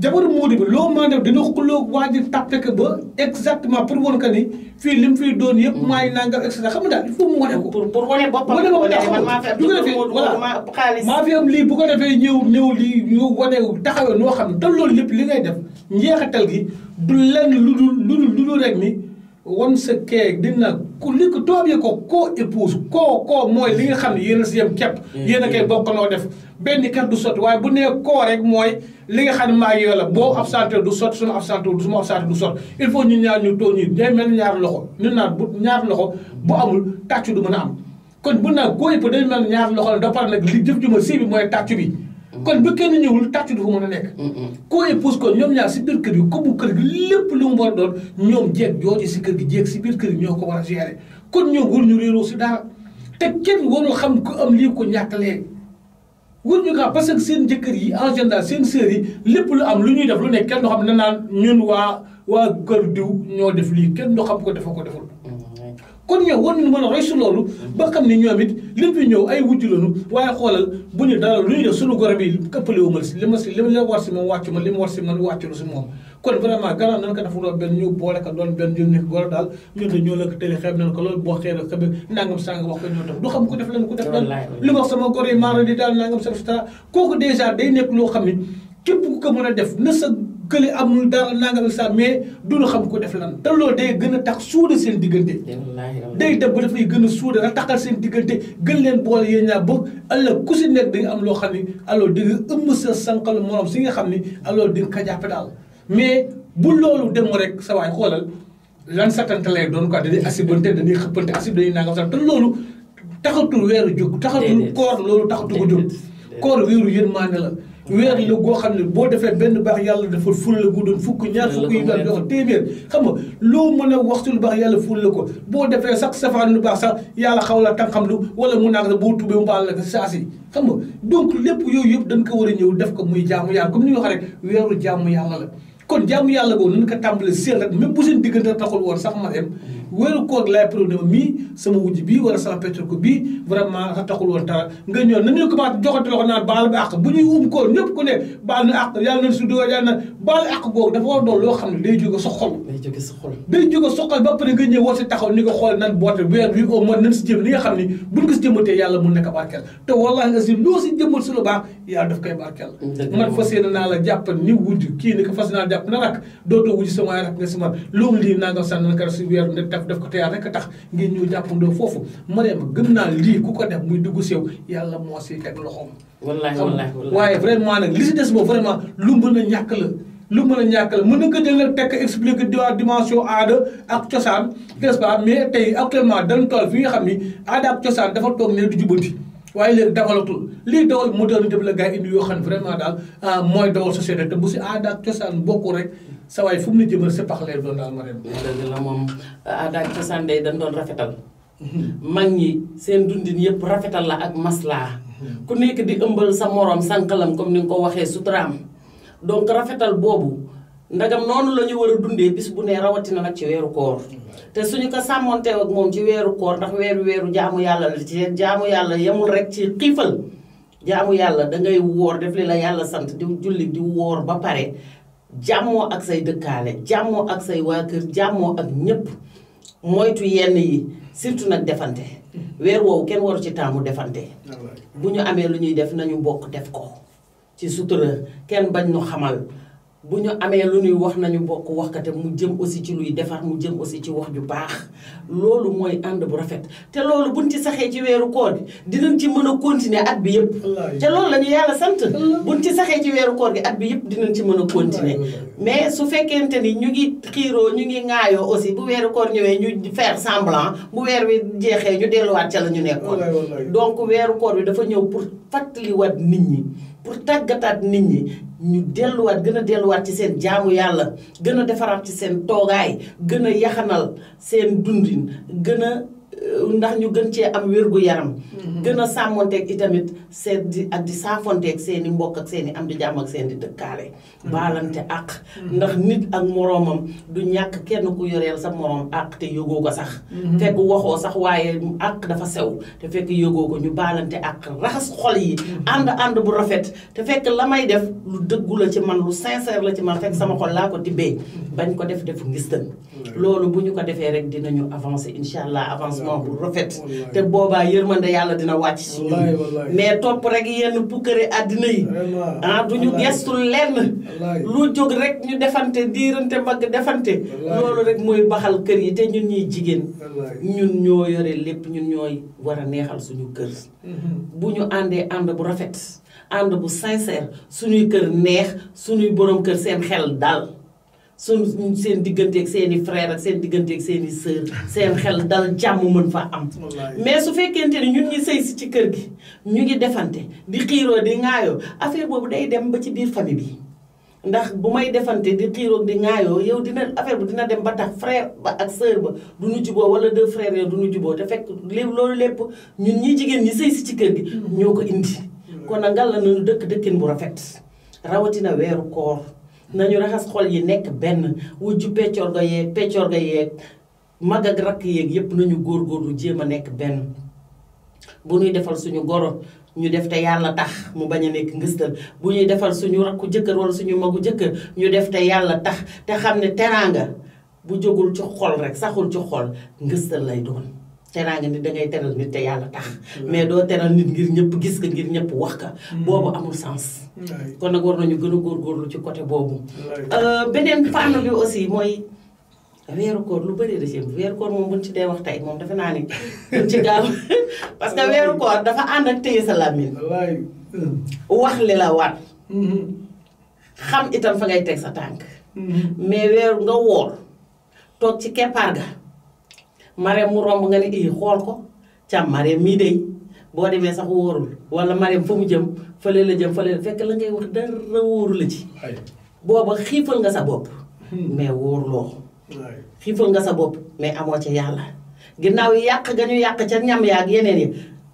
jabaru Modou bi loo mën a def dina xuloo waaj a tàppe ba exactement pour woon que ni fii li mu fiy doon yëpp mm. maay nangam et cetera xam nga daal il faut ko. pour pour wane boppam wane ko man maa fi am lii maa defee ñëw ñëw lii wane taxawee noo xam ne te loolu lépp li ngay def njeexital gi du lenn lu dul lu dul rek ni wan sa keeg dina. ku li ko doom yi ko koo épouse koo koo mooy li nga xam ne yéen a si yem képp mm-hmm. yéen a koy bokkandoo def benn kat du sotti waaye bu nee koo rek mooy li nga xam ne maa ngi la boo absenté du sotti suma absenté du suma absenté du sotti il faut ñu ñaar ñu toog ñu day mel ñaar loxo ñu naan bu ñaar loxo bu amul tàccu du mën am kon bu naa góoy pa day mel ñaar loxo la da nag li jëf ju ma bi mooy tàccu bi kon bu kenn ñëwul tàccu du fa mën nekk. koo épouse ko ñoom ñaar si biir kër gi comme kër gi lépp lu mu war a doon ñoom jeeg jooju si kër gi jeeg si biir kër gi ñoo ko war a gérer kon ñoom wër ñu réeroo si dara te kenn warul xam ku am lii ko ñàkk léegi. wër ñu kaa parce que seen jëkkër yi en seen sœurs lépp lu am lu ñuy def lu nekk kenn doo xam ne naan ñun waa waa kër diw ñoo def lii kenn doo xam ko dafa ko deful. kon ñoom war nañu mën a roy su loolu ba xam ne ñoom it lépp ñëw ay wujj lañu waaye xoolal bu ñu dara lu ñu def suñu goro bi këppale wu ma si li ma si li ma war si moom wàccu ma li moom kon vraiment gannaaw nañ ko dafa doon benn ñu boole ko doon benn ñu nekk goro daal ñun de la ko tële xeeb nañ ko loolu boo xeeb xeeb nangam sàng wax ko ñoo tax du xam ku def leen ku def leen li ma wax sama goro yi daal nangam sa kooku dèjà day nekk loo xam ne képp ku ko mën a def na sa kële amul dara nangam ak sax mais duñu xam ko def lan te loo day gën a tax suude seen diggante day dem ba dafay gën a suude ra taxal seen diggante gën leen boole yéen ñaa bëgg ëllëg ku si nekk di nga am loo xam ni alors di nga ëmb sa sànqal morom si nga xam ni alors di nga ko jàppe mais bu loolu dem rek sa waay xoolal lan satante lay doon quoi dañuy asibante dañuy xëppante asib dañuy nangam sax te loolu taxatul weeru jóg taxatul koor loolu taxatu ko jóg koor weeru yërmaande la weer la goo xam ne boo defee benn baax yàlla dafa ful la guddoon fukk ñaar fukk yu daan wax téeméer xam nga loo mën a wax ci lu baax yàlla ful la ko boo defee sax safaan lu baax sax yàlla xaw la tànqam lu wala mu naag la boo tubee mu baal la ko xam nga donc lépp yooyu yëpp dañ ko war a ñëw def ko muy jaamu yàlla comme ni ñu wax weeru jaamu yàlla la kon jaamu yàlla boobu nañ ko tàmbali seel rek même bu seen diggante taxul woon sax ma dem wéeru koog wujj bii um ne baal na àq yàlla na ba pare nga ñëw ni nga xool ne buñ fas naa la jàppal ni wujj kii ni ko fas naa jàpp na nag dootoo wuji sama rak nga si man loolu lii naa nga sànn naka si weer ne def def ko teyaat rek tax ngeen ñëw jàppandoo foofu Mariama gën naa lii ku ko def muy dugg sew yàlla moo si teg loxoom wallaahi wallaahi wallaahi waaye vraiment nag li si des boobu vraiment lu mën a ñàkk la lu mën a ñàkk la mën na ko jël nag tekk expliqué diwaa dimension aada ak cosaan n'est-ce pas mais tey actuellement dañ toll fi nga xam ni aada ak cosaan dafa toog ne du jubanti waaye léegi dawalatul lii dawal modernité bi la gars indi yoo xam vraiment daal ah, mooy dawal société te bu si aada ak cosaan bokk rek sa waay fu mu ne jëmal sa pax leer doon daal ma dem. dëgg la moom aada ak cosaan day dañ doon rafetal. Mhm. mag ñi seen dundin yëpp rafetal la ak maslaa. Mhm. ku nekk di ëmbal sa morom sànqalam comme ni nga ko waxee sutraam donc rafetal boobu ndagam noonu la ñu war a dundee bis bu ne rawatina nag ci weeru koor. Mhm. te suñu ko sàmmontee ak moom ci weeru koor ndax weeru weeru jaamu yàlla la ci jaamu yàlla yemul rek ci xiifal jaamu yàlla dangay woor def li la yàlla sant di julli di woor ba pare jàmmoo ak say dëkkaale jàmmoo ak say waa kër jàmmoo ak ñépp moytu yenn yi surtout nag defante weer woowu kenn waru ci taamu defante bu ñu amee lu ñuy def nañu bokk def ko ci sutura kenn bañ nu xamal bu ñu amee lu ñuy wax nañu bokk waxkate mu jëm aussi ci luy defar mu jëm aussi ci wax ju baax loolu mooy ànd bu rafet te loolu buñ ci saxee ci weeru koor bi dinañ ci mën a continuer at bi yëpp te loolu la ñu yàlla sant buñ ci saxee ci weeru koor gi at bi yëpp dinañ ci mën a continuer mais su fekkente ni ñu ngi xiiroo ñu ngi ŋaayoo aussi bu weeru koor ñëwee ñu faire semblant bu weer wi jeexee ñu delluwaat ca la ñu nekkoon donc weeru koor bi dafa ñëw pour fàttaliwaat nit ñi pour tàggataat nit ñi ñu delluwaat gën a delluwaat ci seen jaamu yàlla gën a defaraat ci seen toogaay gën a yaxanal seen dundin gën a ndax ñu gën cee am wérgu yaram. Mhm. gën a sàmmonteeg itamit seet di ak di saafonteeg seen i mbokk ak seeni am di jàmm ak seen i dëkkaale. Mhm. baalante àq. Mhm. ndax nit ak moroomam du ñàkk kenn ku yoreel sa moroom àq te yógoo ko sax. fekk waxoo sax waaye àq dafa sew te fekk yógoo ko ñu baalante àq raxas xol yi. ànd ànd bu rafet te fekk la may def lu dëggu la ci man lu sincère la ci man fekk sama xol laa ko tibbee bañ ko def def defu ngistan loolu bu ñu ko defee rek dinañu avancer incha allah avancement comportement bu rafet te boobaa yërmande yàlla dina wàcc si ñun mais topp rek yenn pukkare àddina yi ah du ñu gestu lenn lu jóg rek ñu defante diirante mbagg defante loolu rek mooy baxal kër yi te ñun ñuy jigéen ñun ñoo yore lépp ñun ñooy war neexal suñu kër mm-hmm. bu ñu àndee ànd bu rafet ànd bu sincère suñuy kër neex suñuy borom kër seen xel daal su seen digganteeg seen i frère ak seen digganteeg seen i sœur seen xel dal jàmm mën fa am mais su fekkee ni ñun ñi sëy si ci kër gi ñu ngi defante di xiiroo di ŋaayoo boobu day dem ba ci biir famille bi ndax bu may defante di xiiroo di yow dina affaire bi dina dem ba tax frère ba ak sœur ba du ñu juboo wala deux frères du ñu juboo te fekk loolu lépp ñun ñi jigéen ñi sëy si ci kër gi ñoo ko indi mm. kon nag ngal la nañu dëkk dëkkin bu rafet rawatina weeru koor nañu raxas xol yi nekk benn wujju peccorga yeeg peccorga yeeg mag ak rakk yeeg yépp nañu góor góor lu jéem a nekk benn bu ñuy defal suñu goro ñu def te yàlla tax mu bañ a nekk ngëstal bu ñuy defal suñu rakku jëkkër wala suñu magu jëkkër ñu def te yàlla tax te xam ne teraanga bu jógul ci xol rek saxul ci xol ngëstal lay doon teraanga nit dangay teral nit te yàlla tax mm. mais doo teral nit ngir ñëpp gis ko ngir ñëpp wax ka mm. boobu amul sens kon nag war nañu gën góor góorgóorlu ci côté boobu euh, beneen fànn bi aussi mooy weeru koor lu bëri da ci weeru koor ci dee wax tey moom defe naa ni buñ ci gaaw parce que weeru koor dafa ànd ak téye sa làmmiñ wax li mm-hmm. xam itam fa ngay teg sa tànk mm-hmm. mais weeru nga woor toog ci keppaar ga Marème mu romb nga ne ii eh, xool ko cam Marème mii dey boo demee sax wóorul wala Marème fa mu jëm fële la jëm fële la fekk la ngay wax dara wóoru la ci booba xiifal nga sa bopp hmm. mais wóoruloo xiifal nga sa bopp mais amoo ci yàlla ginnaaw yi yàq ga ñu yàq ca ñam yaag yeneen yi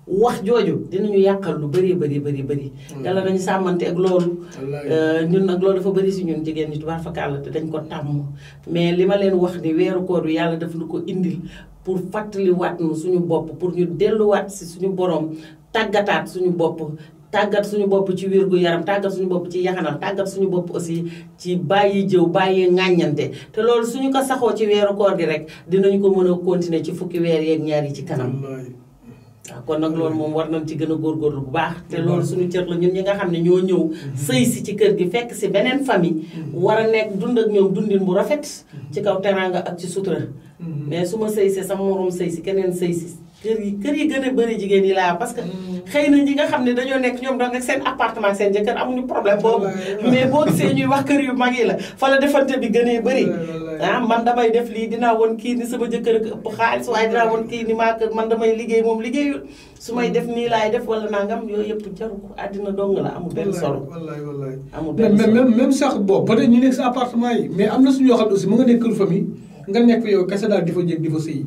wax jooju dinañu yàqal lu bëri bëri bëri bëri. Mm. yàlla dañu sàmmante ak loolu. Euh, ñun nag loolu dafa bëri si ñun jigéen ñi tubaab fakkaar te dañ ko tàmm. mais li ma leen wax ni weeru koor bi yàlla daf ñu ko indil pour fàttaliwaat nu suñu bopp pour ñu delluwaat si suñu borom tàggataat suñu bopp. tàggat suñu bopp ci wér gu yaram tàggat suñu bopp ci yaxanal tàggat suñu bopp aussi ci bàyyi jëw bàyyi ŋàññante te loolu suñu ko saxoo ci weeru koor gi rek dinañu ko mën a continuer ci fukki weer yeeg ñaar yi ci kanam. waaw kon nag loolu moom war nañ ci gën a góorgóorlu bu baax te loolu suñu cër la ñun ñi nga xam ne ñoo ñëw sëy si ci kër gi fekk si beneen famille mm-hmm. war a nekk dund ak ñëw dundin bu rafet mm-hmm. ci kaw teraanga ak ci sutura mm-hmm. mais su ma sëy si sama morom sëy si keneen sëy si kër yi kër yi gën a bëri jigéen yi laa parce que. Mm. xëy na ñi nga xam ne dañoo nekk ñoom donc ak seen appartement seen jëkkër amuñu problème boobu. ñuy wax kër yu mag la fa la defante bi gënee bëri. ah man damay def lii dinaa woon kii ni sama jëkkër ak ëpp xaalis waaye dinaa woon kii ni moom liggéeyul. may def nii laay def wala nangam yooyu yëpp jaru ko àddina dong la benn solo. wallaay wallaay amul benn solo même même sax bon peut être ñu nekk sa appartement yi am na suñu yoo xam ne aussi kër famille nga nekk yow kese di fa jëg di fa sëy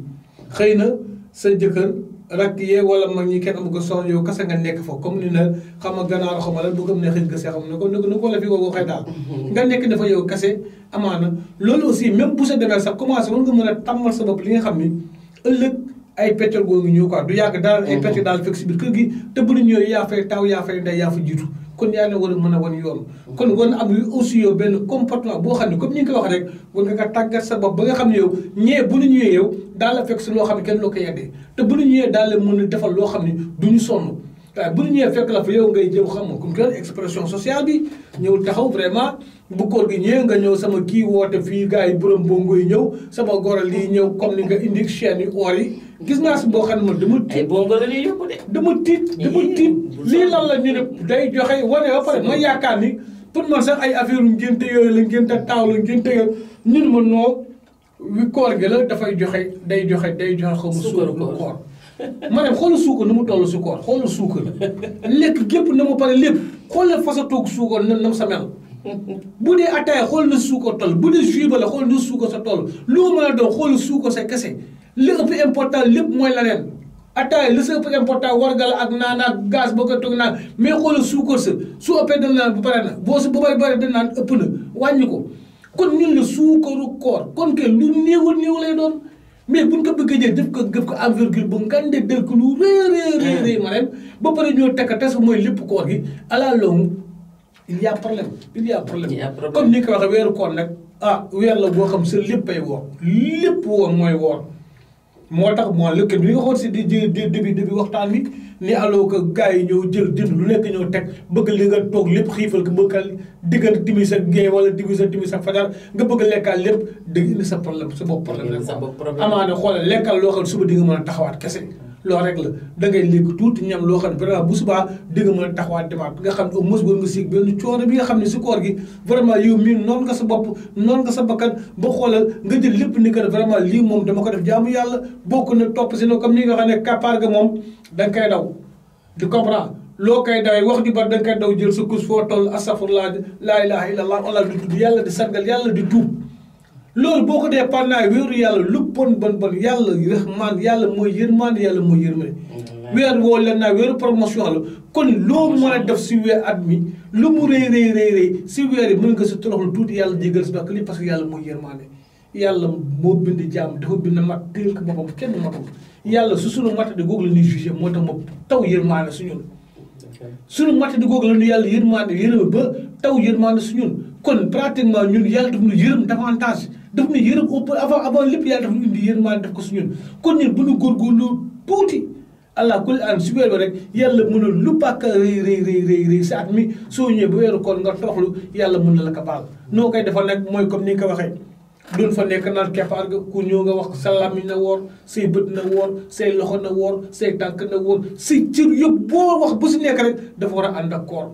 xëy na sa jëkkër rakk yee wala mag ñi kenn amu ko yow kese nga nekk fa comme ni na xam nga ganaar a la ne xëy ga see xam ne ko n na ko la fi woo xëy mhm. nga nekk dafa yow kese amaana loolu aussi même bu sa demee sax commencé war nga mën a tàmmal sa bopp nga xam ni ëllëg ay pétrole googu ñëw quoi du yàgg daal ay mhm. pétrole daal fekk si kër gi te bu ñu ñëwee yaa fay taw yaa fay ndey yaa fa jiitu kon yaa la war a mën a wan yoon kon war na am yu aussi yow benn comportement boo xam ne comme ni nga ko wax rek war nga tàggat sa bopp ba nga xam ne yow ñee bu ñu ñëwee yow daal la fekk si loo xam ne kenn loo ko yeddee te bu ñu ñëwee daal la mën a defal loo xam ne du ñu sonn waaye bu ñu ñëwee fekk la fa yow ngay jëw xam nga comme que expression sociale bi ñëwul taxaw vraiment bu koor gi ñëwee nga ñëw sama kii woote fii gars yi borom bongo yi ñëw sama goral lii ñëw comme ni nga indi chaîne yi oor yi gis naa si boo xam ne man dama tiit ay bongo la ñuy de. dama tiit dama eh, tiit lii lan la ñu ne day joxe wane ba pare ma yaakaar ni pour man sax ay affaire ngénte yooyu la ngénte taaw la ngénte yooyu ñun ma noo wi koor gi la dafay joxe day joxe day joxe xaw ma suukaru koor ma ne xoolal suukar nu mu toll si koor xoolal la lekk gépp na mu pare lépp xool la foo sa toog suukar na nam sa mel bu dee ataaya xool na suukar toll bu dee jus ba la xool na suukar sa toll loo mën a doon xoolal suukar sa kese li ëpp important lépp mooy leneen ataay li sa ëpp important wargal ak naan ak gaz boo ko toog naan mais xoolal suukar sa su ëppee dañ naan bu pare na boo su bu bay bare dañ naan ëpp na wàññi ko kon ñun la suukaru koor kon ke lu néewul néew lay doon bu buñ ko bëgg a jël def ko def ko envergure bu ngande del ko lu rëy rëy rëy hmm. ma ba pare ñoo tekka tes mooy lépp koor gi à la longue il y a problème il y a problème comme ni ko waxee weeru koor nag ah weer la boo xam sa léppay woor lépp woor mooy woor moo tax moo lëkk bi nga xool si di di début début waxtaan bi ni alors que gars yi ñëw jël jënd lu nekk ñëw teg bëgg li nga toog lépp xiifal ko bëgg a diggante timis ak géey wala diggante timis ak fajar nga bëgg lekkaal lépp di indi sa problème sa bopp problème rek. xoolal lekkal loo xam suba di nga mën a taxawaat kese. loolu rek la dangay lekk tuuti ñam loo xam ne vraiment bu subaa di nga mën a taxawaat nga xam ne au moins war nga siig benn coono bi nga xam ne si koor gi vraiment yow mii noonu nga sa bopp noonu nga sa bakkan ba xoolal nga jël lépp ni que vraiment lii moom dama ko def jaamu yàlla bokk na topp si na comme ni nga xam ne kàppaar ga moom danga koy daw di comprendre loo koy dawee wax ju bari danga koy daw jël sa kus foo toll astafurlaa laa ilaha illallah wala di tudd yàlla di sargal yàlla di tuub loolu boo ko dee parnaay wéeru yàlla lu bon bon bon yàlla rahmaan yàlla mooy yërmaan yàlla mooy yërmane mm-hmm. weer woo leen naa weeru promotion la kon loo mën a def si weer at mi lu mu rëy rëy rëy si weer yi mën nga si toroxlu tuuti yàlla jégal si bakk li parce que yàlla mooy yërmaane yàlla moo bind jaam dafa mat tënk boppam yàlla su sunu matta di googu la ñuy moo tax moom taw yërmaane su ñun sunu matta yàlla yërmaane yërëm ba taw yërmaane su ñun kon pratiquement ñun yàlla daf ñu daf ñu yërëm au avant lépp yàlla daf ñu indi yërmaande def ko su ñun kon ñun bu ñu góorgóorlu tuuti allah kulli an su weeroo rek yàlla mën a lu pàkk rëy rëy rëy rëy rëy at mi soo ñëwee ba weeru koor nga toroxlu yàlla mën na la ka baal noo koy defal nag mooy comme ni nga ko waxee doon fa nekk naan keppaar nga ku ñëw nga wax sa làmmiñ na woor say bët na woor say loxo na woor see tànk na woor say cër yëpp boo wax bu si nekk rek dafa war a ànd ak koor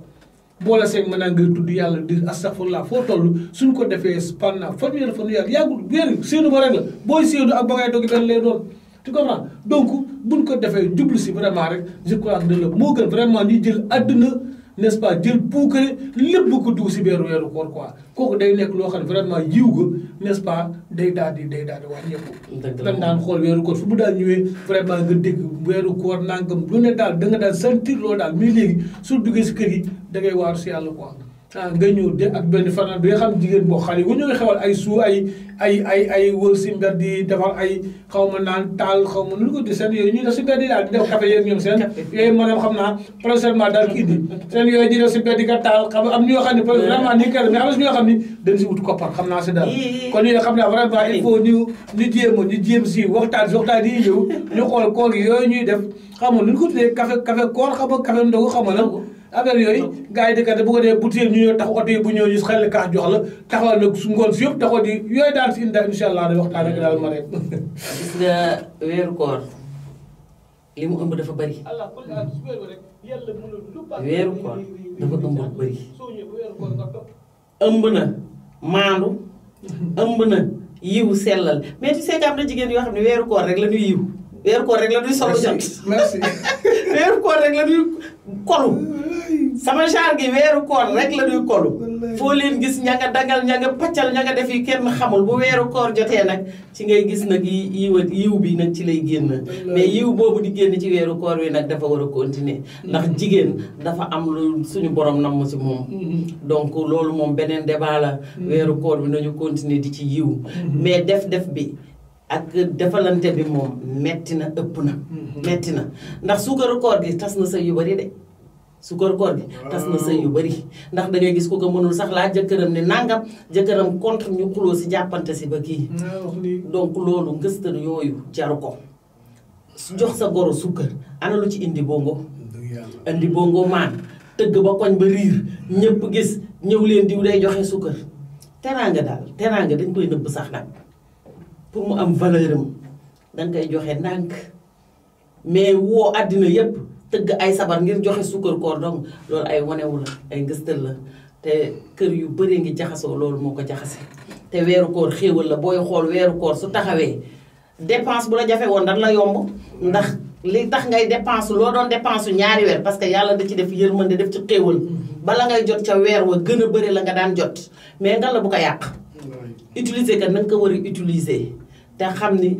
boole seeg mën naa ngay tudd yàlla di astaghfirullah foo toll suñ ko defee pendant fanweeri fanweeri yàggul wéer séenu ba rek la booy séenu ak ba ngay dogi benn doon tu comprends donc buñ ko defee jublu si vraiment rek je crois que de la moo gën vraiment ni jël àdduna n'est-ce pas jël puukare lépp ko dugg si biir weeru koor quoi kooku day nekk loo xam ne vraiment yiw ga n'est-ce pas day daal di day daal di wàññeeku dan daan xool weeru koor fu mu daal ñëwee vraiment nga dégg weeru koor nangam lu ne daal da nga daal sentir loolu daal mais léegi su duggee si kër yi da ngay waaru si yàlla quoi Ah, nga ñëw de ak benn fanaan bi nga xam jigéen boo xale yi ñoo ngi xewal ay suu ay ay si mbedd di defar ay xaw ma naan taal xaw ma nu ko di seen yooyu ñuy si mbedd di def café xam naa prochainement daal ki indi seen yooyu ñuy def si mbedd ka taal xam am ñoo xam ne vraiment ni am na xam ne dañ si wut koppar xam naa si dara kon yooyu xam naa vraiment il faut ñu ñu jéem ñu jéem si waxtaan si waxtaan yi ñëw ñu xool koor yooyu ñuy def xam nga ko tuddee café café koor xam nga café ndogu xam affaire yooyu gars yi dëkkate bu ko dee butéel ñu ñëw tax oto yi bu ñëw ñu xel kaas jox la taxawal nag su ngoon si yëpp taxaw di yooyu daal ma rek. gis nga weeru koor li mu ëmb dafa bëri. weeru koor dafa ëmb lu bëri. na maandu. ëmb na yiw sellal mais tu sais que am na jigéen yoo xam ne weeru koor rek la ñuy yiw weeru koor rek la ñuy sama charge weeru koor rek la duy kolu foo leen gis ña nga dagal ña nga paccal ña nga def yi kenn xamul bu weeru koor jotee nag ci ngay gis nag yiw yiw bi nag ci lay génn mais yiw boobu di génn ci weeru koor wi nag dafa war a continuer mm-hmm. ndax jigéen dafa am lu suñu borom namm si moom mm-hmm. donc loolu moom beneen débat la mm-hmm. weeru koor bi nañu continuer di ci yiw mais def-def bi ak defalante bi moom metti na ëpp na metti na ndax suukaru koor gi tas na sa yu bëri de su koor bi gi tas na sëy yu bëri ndax da gis ko ko mënul sax laa jëkkëram ne nàngam jëkkëram contre ñu xuloo si jàppante si ba kii donc loolu ngëstan yooyu jaru ko jox sa goro sukkër ana lu ci indi bongo indi bongo maan tëgg ba koñ ba riir ñëpp gis ñëw leen diw day joxe sukkër teraanga daal teraanga dañ koy nëbb sax nag pour mu am valeur am joxe ndànk mais woo àddina yépp tëgg ay sabar ngir joxe suukar koor dong loolu ay wanewu la ay ngëstël la te kër yu bëree ngi jaxasoo loolu moo ko jaxase te weeru koor xéewal la booy xool weeru koor su taxawee dépense bu la jafe woon dan la yomb ndax li tax ngay depanse loo doon dépense ñaari weer parce que yàlla da ci def yërmande def ci xéewal bala ngay jot ca weer wa gën a bëri la nga daan jot mais nga la bu ko yàq utiliser que na nga war a te xam ni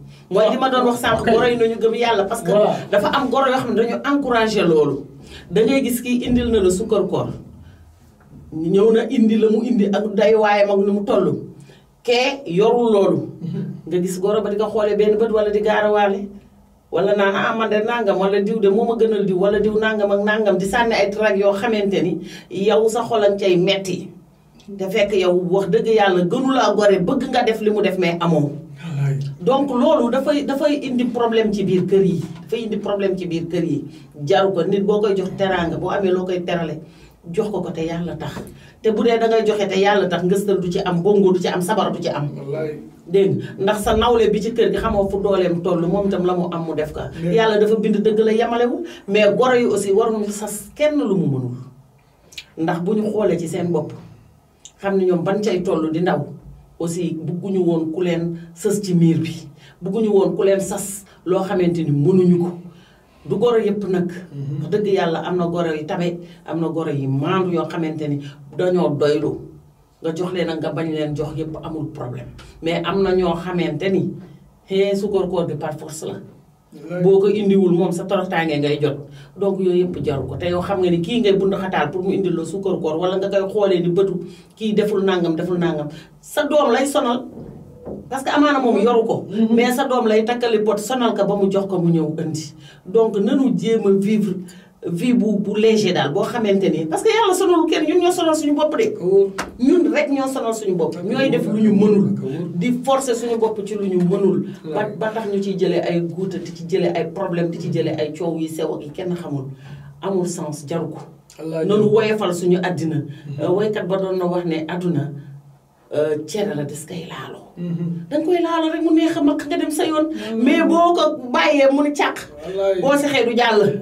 mooy li ma doon wax sànq goro yi nañu gëm yàlla parce que dafa am goro yoo xam ne dañu encouragé loolu dangay gis kii indil na la sukkar koor ñëw na indi la mu indi ak day waaye mag ni mu toll kee yorul loolu nga gis goro ba di ko xoolee benn bët wala di gaarawaale wala naan ah man de nangam wala diw de moo ma gënal diw wala diw nangam ak nangam di sànni ay trac yoo xamante ni yow sa xolam cay metti te fekk yow wax dëgg yàlla gënu laa gore bëgg nga def li mu def mais amoo donc loolu dafay dafay indi problème ci biir kër yi dafay indi problème ci biir kër yi jaru ko nit boo koy jox teraanga boo amee loo koy terale jox ko ko te yàlla tax te bu dee da ngay joxe te yàlla tax ngëstal du ci am bongo du ci am sabar du ci am. dégg ndax sa nawle bi ci kër gi xamoo fu dooleem toll moom itam la mu am mu def ko. yàlla dafa bind dëgg la yemalewul mais goro yi aussi war waruñu sas kenn lu mu mënul ndax bu ñu xoolee ci seen bopp xam ne ñoom ban cay toll di ndaw. aussi bugguñu woon ku leen sës ci miir bi buggu ñu woon ku leen sas loo xamante ni mënuñu ko du goro yëpp nag mhm. wax dëgg yàlla am na goro yi tabe am na goro yi maandu yoo xamante ni dañoo doylu nga jox leen ak nga bañ leen jox yëpp amul problème mais am na ñoo xamante ni hee eh, su koor koor gi par la boo ko indiwul moom sa toroxtaange ngay jot donc yooyu yëpp jaru ko te yow xam nga ni kii ngay bund xataal pour mu indil la sukkar koor wala nga koy xoolee ni bëtu kii deful nangam deful nangam sa doom lay sonal parce que amaana moom yoru ko mhm. mais sa doom lay takkali bot sonal ko ba mu jox ko mu ñëw indi donc nanu jéem a vivre vie bu bu léger dal bo xamante parce que yalla sonal ken ñun ñoo sonal suñu bopp rek ñun rek ñoo sonal suñu bopp ñoy def lu ñu mënul. di forcer suñu bopp ci lu ñu mënul. ba ba tax ñu ci jëlé ay guuta di ci jëlé ay problème di ci jëlé ay coow yi sew ak kenn xamul amul sens jaruko ko. noonu woyefal suñu àddina. Mm-hmm. kat ba doon na wax ne aduna Euh, cere la des mm-hmm. koy laaloo. danga koy laaloo rek mu neex a makk nga dem sa yoon. Mm-hmm. mais boo ko bàyyee mu ne càq. boo sexee du jàll.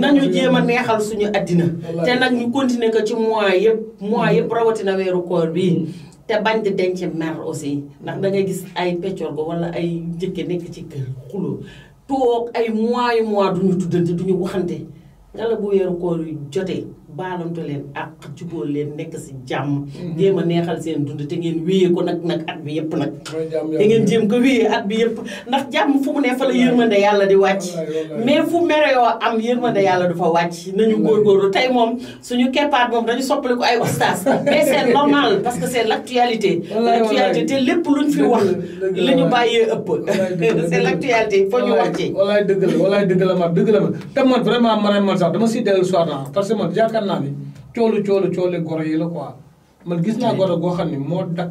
nañu jéem a neexal suñu àddina te nag ñu continuer ko ci mois yëpp. mois mm-hmm. yëpp rawatina weeru koor bii. te bañ di denc mer aussi ndax dangay gis ay peccor ko wala ay njëkke nekk ci kër xuloo toog ay mois yu mois duñu tuddante duñu waxante nga la bu weeru koor yu jotee. baalonte leen ak jubóo leen nekk si jàmm. Mhm. jéem a neexal seen dund te ngeen wéyee ko nag nag at bi yëpp nag. te ngeen jéem ko wéyee at bi yëpp ndax jàmm fu mu ne fa la yërmande yàlla di wàcc. mais fu mere yoo am yërmande yàlla du fa wàcc. nañu góorgóorlu tey moom suñu keppaat moom dañu soppali ko ay ostaas mais seen normal parce que c'est l'actualité. l'actualité te lépp luñ fi wax. la ñu bàyyee ëpp. c'est l'actualité foo ñu wax ci. walaay dëgg la walaay dëgg la ma dëgg la yaakaar naa ne coolu coolu coolu goro yi la quoi man gis naa goro goo xam ni moo dakk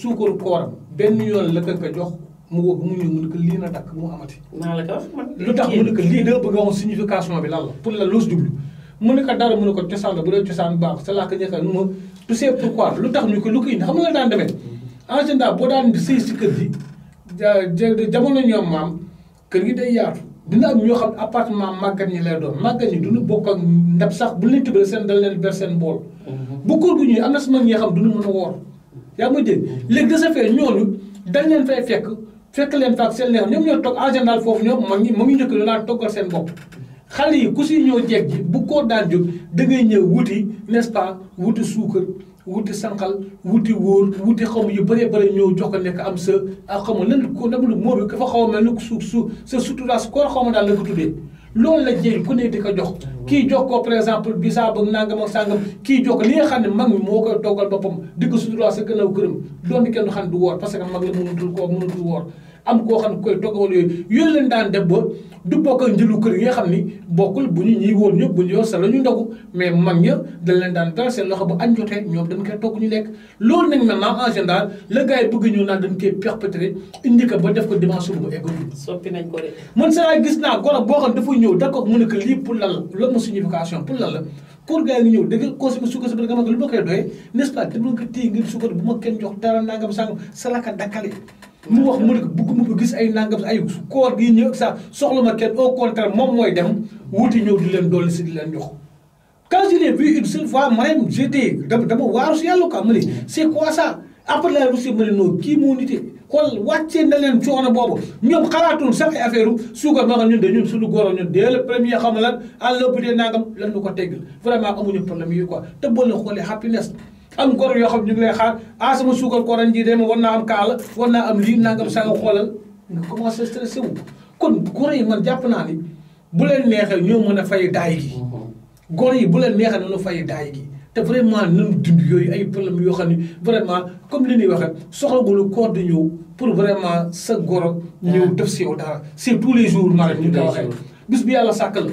suukaru kooram benn yoon la ko ko jox mu woo ba mu ñëw mu ne ko lii na dakk mu amati. lu tax mu ne ko lii da bi lan pour la loos jublu mu ne ko dara mu cosaan la bu dee cosaan baax c'est là que njëkk nu ma tu sais pourquoi lu tax ñu ko lu ko indi xam nga daan demee mm-hmm. en général boo daan sëy si kër gi jamono ñoom maam kër gi day yaatu dina am ñoo xam appartement màggat ñi lay doon màggat ñi duñu bokk ak ndab sax bu leen tëbal seen dal leen bool. Mhm. bu kóor ñuy am na sama ñi xam duñu mën a woor. yaa ngi ma dégg mhm. léegi de ce fait ñooñu dañ leen fay fekk fekk leen faak seen neex ñoom ñoo toog en général foofu ñoom mag ñi mag ñu njëkk daan toggal seen bopp. xale yi ku si ñoo jeeg ji bu koo daan jóg da ngay ñëw wuti n'est-ce pas wuti suukar wuti sànqal wuti wóor wuti xaw ma yu bëree bëri ñëw jox ko nekk am sa ak ah, xaw ma lan ko nam lu móor bi dafa xaw a mel ni suuf suuf sa suturaas koor xaw ma daal la ko tuddee loolu la jël ku ne di ko jox kii jox ko par exemple bisaab ak nangam ak kii jox ko li nga xam ne mag mi moo koy toggal boppam di ko suturaas sa gannaaw këram doon kenn du xam du woor parce que mag la mënatul koo mënatul woor am koo xam ne koy togg wala yooyu yooyu leen daan def ba du bokk ak njëlu kër yi nga xam ni bokkul bu ñu ñiy woon ñëpp bu ñu yor sa la ñu mais mag ña dañ leen daan taal seen loxo bu añ jotee ñoom dañ koy togg ñu lekk loolu nag maintenant en général la gars yi bëgg ñu naan dañ ko ba def ko dimanche suba ba egg gis naa boo xam dafa ñëw d'accord mu ne que lii pour lan la loolu ma signification pour lan la pour gars yi ngi ñëw da nga consommé suukar sa bëri nga ma ko lu ma doyee n'est-ce pas dama ko téye ngir suukar bu ma kenn jox dara nangam sa salaka dakkale mu wax mu ne ko bëgguma ko gis ay nangam ay koor gi ñëw sax soxla ma kenn au contraire moom mooy dem wuti ñëw di leen dolli si di leen jox. quand je l'ai vu une seule fois man j'étais dama dama waaru si yàlla quoi ma ne c'est quoi ça après la Russie ne non kii moo nite xool wàccee na leen coono boobu ñoom xalaatuñ sax affaire su ma nga ñun de ñun suñu góor ñun dès premier xam lan à l'hôpital nangam lan ñu ko teggal vraiment amuñu problème yooyu quoi te boo leen xoolee happiness am gor yoo xam ñu ngi lay xaar ah sama suukar koran ji de ma war naa am kaala war naa am lii nangam sanga xoolal nga commencé stressé wu kon gor yi man jàpp naa ni bu leen neexee ñoo mën a fay daay gi mhm. gor yi bu leen neexee nañu fay daay gi te vraiment nañu dund yooyu ay problème yoo xam ne vraiment comme li ñuy waxee soxlagul koor di ñëw pour vraiment sa goro ah. ñëw def si yow dara c'est tous les jours maanaam ñu ko waxee bis bi yàlla sàkkal la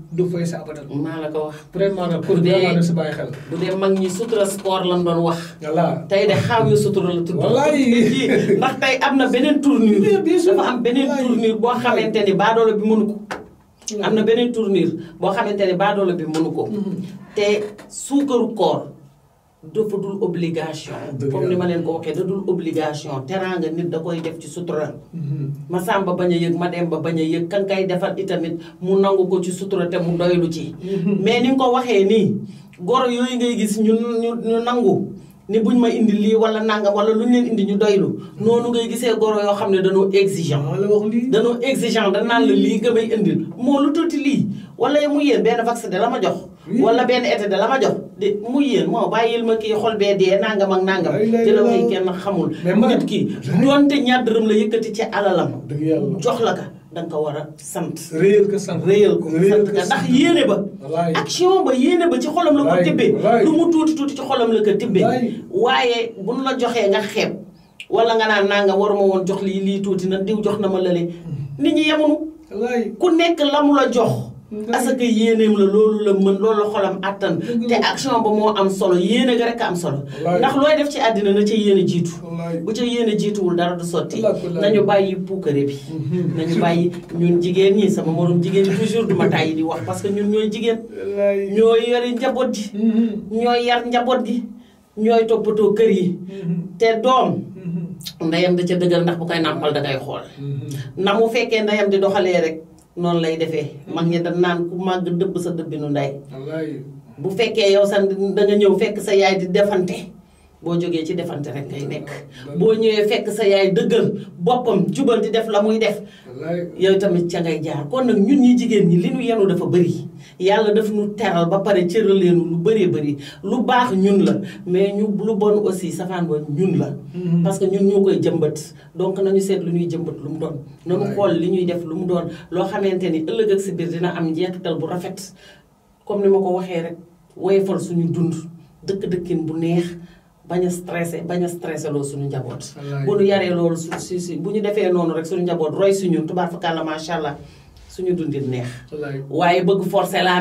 du fay sa abadan. maa la ko wax. vraiment nag pour vraiment nag si bàyyi xel. bu dee mag ñi sutura sport lan doon wax. voilà tey de xaaw yu sutura la tudd. wallaahi ndax tey am na beneen tournure. bien sûr dafa am beneen tournure boo xamante ni baadoolo bi mënu ko. am na beneen tournure boo xamante ni baadoolo bi mënu ko. Mm-hmm. te suukaru koor. dafa dul obligation. Ah, comme ni ma leen ko waxee dul obligation teraanga nit da koy def ci sutura. Mm-hmm. ma sàmba bañ a yëg ma dem ba bañ a yëg kan kay defar itamit mu nangu ko ci sutura te mu doylu ci. Mm-hmm. mais ni nga ko waxee nii goro yooyu ngay gis ñu ñu ñu nangu. ni buñ ma indi lii wala nangam wala luñ leen indi ñu doylu mm-hmm. noonu ngay gisee goro yoo xam ne danoo exigeant. wala wax danoo exigeant danaan la lii nga may indil moo lu tuuti lii. wala mu yéen benn vaccin da la ma jox. wala benn été da la ma jox. de mu yéen moo bàyyil ma kii xol bee dee nangam ak nangam. ci la koy kenn xamul. nit ki doonte ñaar dërëm la yëkkati ci alalam. jox la ka da nga ko war a sant. réyal ko sant réyal ko sant ka ndax yéene ba. action ba yéene ba ci xolam la ko tibbee. lu mu tuuti tuuti ci xolam la ko tibbee. waaye bu nu la joxee nga xeeb. wala nga naan nangam waruma woon jox lii lii tuuti na diw jox na ma lële. Hmm. ni ñi yemuñu. ku nekk la mu la jox. parce que yéeneem la loolu la mën loolu la xolam àttan te action ba moo am solo yéene ga rek am solo ndax looy def ci àddina na ca yéene jiitu bu ca yéene jiituwul dara du sotti nañu bàyyi puukare bi mhm. nañu bàyyi ñun jigéen ñi sama morom jigéen ñi toujours du ma tàyyi di wax parce que ñun ñooy jigéen ñooy yori njaboot gi mhm. ñooy njaboot gi ñooy toppatoo kër yi mhm. te doom ndeyam da ca dëggal ndax bu koy nàmpal da koy xool na mu fekkee ndeyam di doxalee rek noonu lay defee mag ñi da naan ku màgg dëbb sa dëbbinu ndey bu fekkee yow san da ñëw fekk sa yaay di defante boo jógee ci defante rek ngay nekk boo ñëwee fekk sa yaay dëggal boppam jubal di def la muy def yow tamit ca ngay jaar kon nag ñun ñi jigéen ñi li nu yenu dafa bëri yàlla daf nu teral ba pare cëral leenu lu bëree bëri lu baax ñun la mais ñu lu bon aussi safaan ba ñun la mm-hmm. parce que ñun ñoo koy jëmbat donc nañu seet lu ñuy jëmbat lu mu doon nañu xool li ñuy def lu mu doon loo xamante ni ëllëg ak si biir dina am njeexital bu rafet comme ni ma ko waxee rek woyefal suñu dund dëkk-dëkkin bu neex bañ a stressé bañ a stressé loolu suñu njaboot bu ñu yaree loolu su si bu rek suñu njaboot roy suñu tubaar fakàlla macha allah suñu dundin neex waye bëgg la laa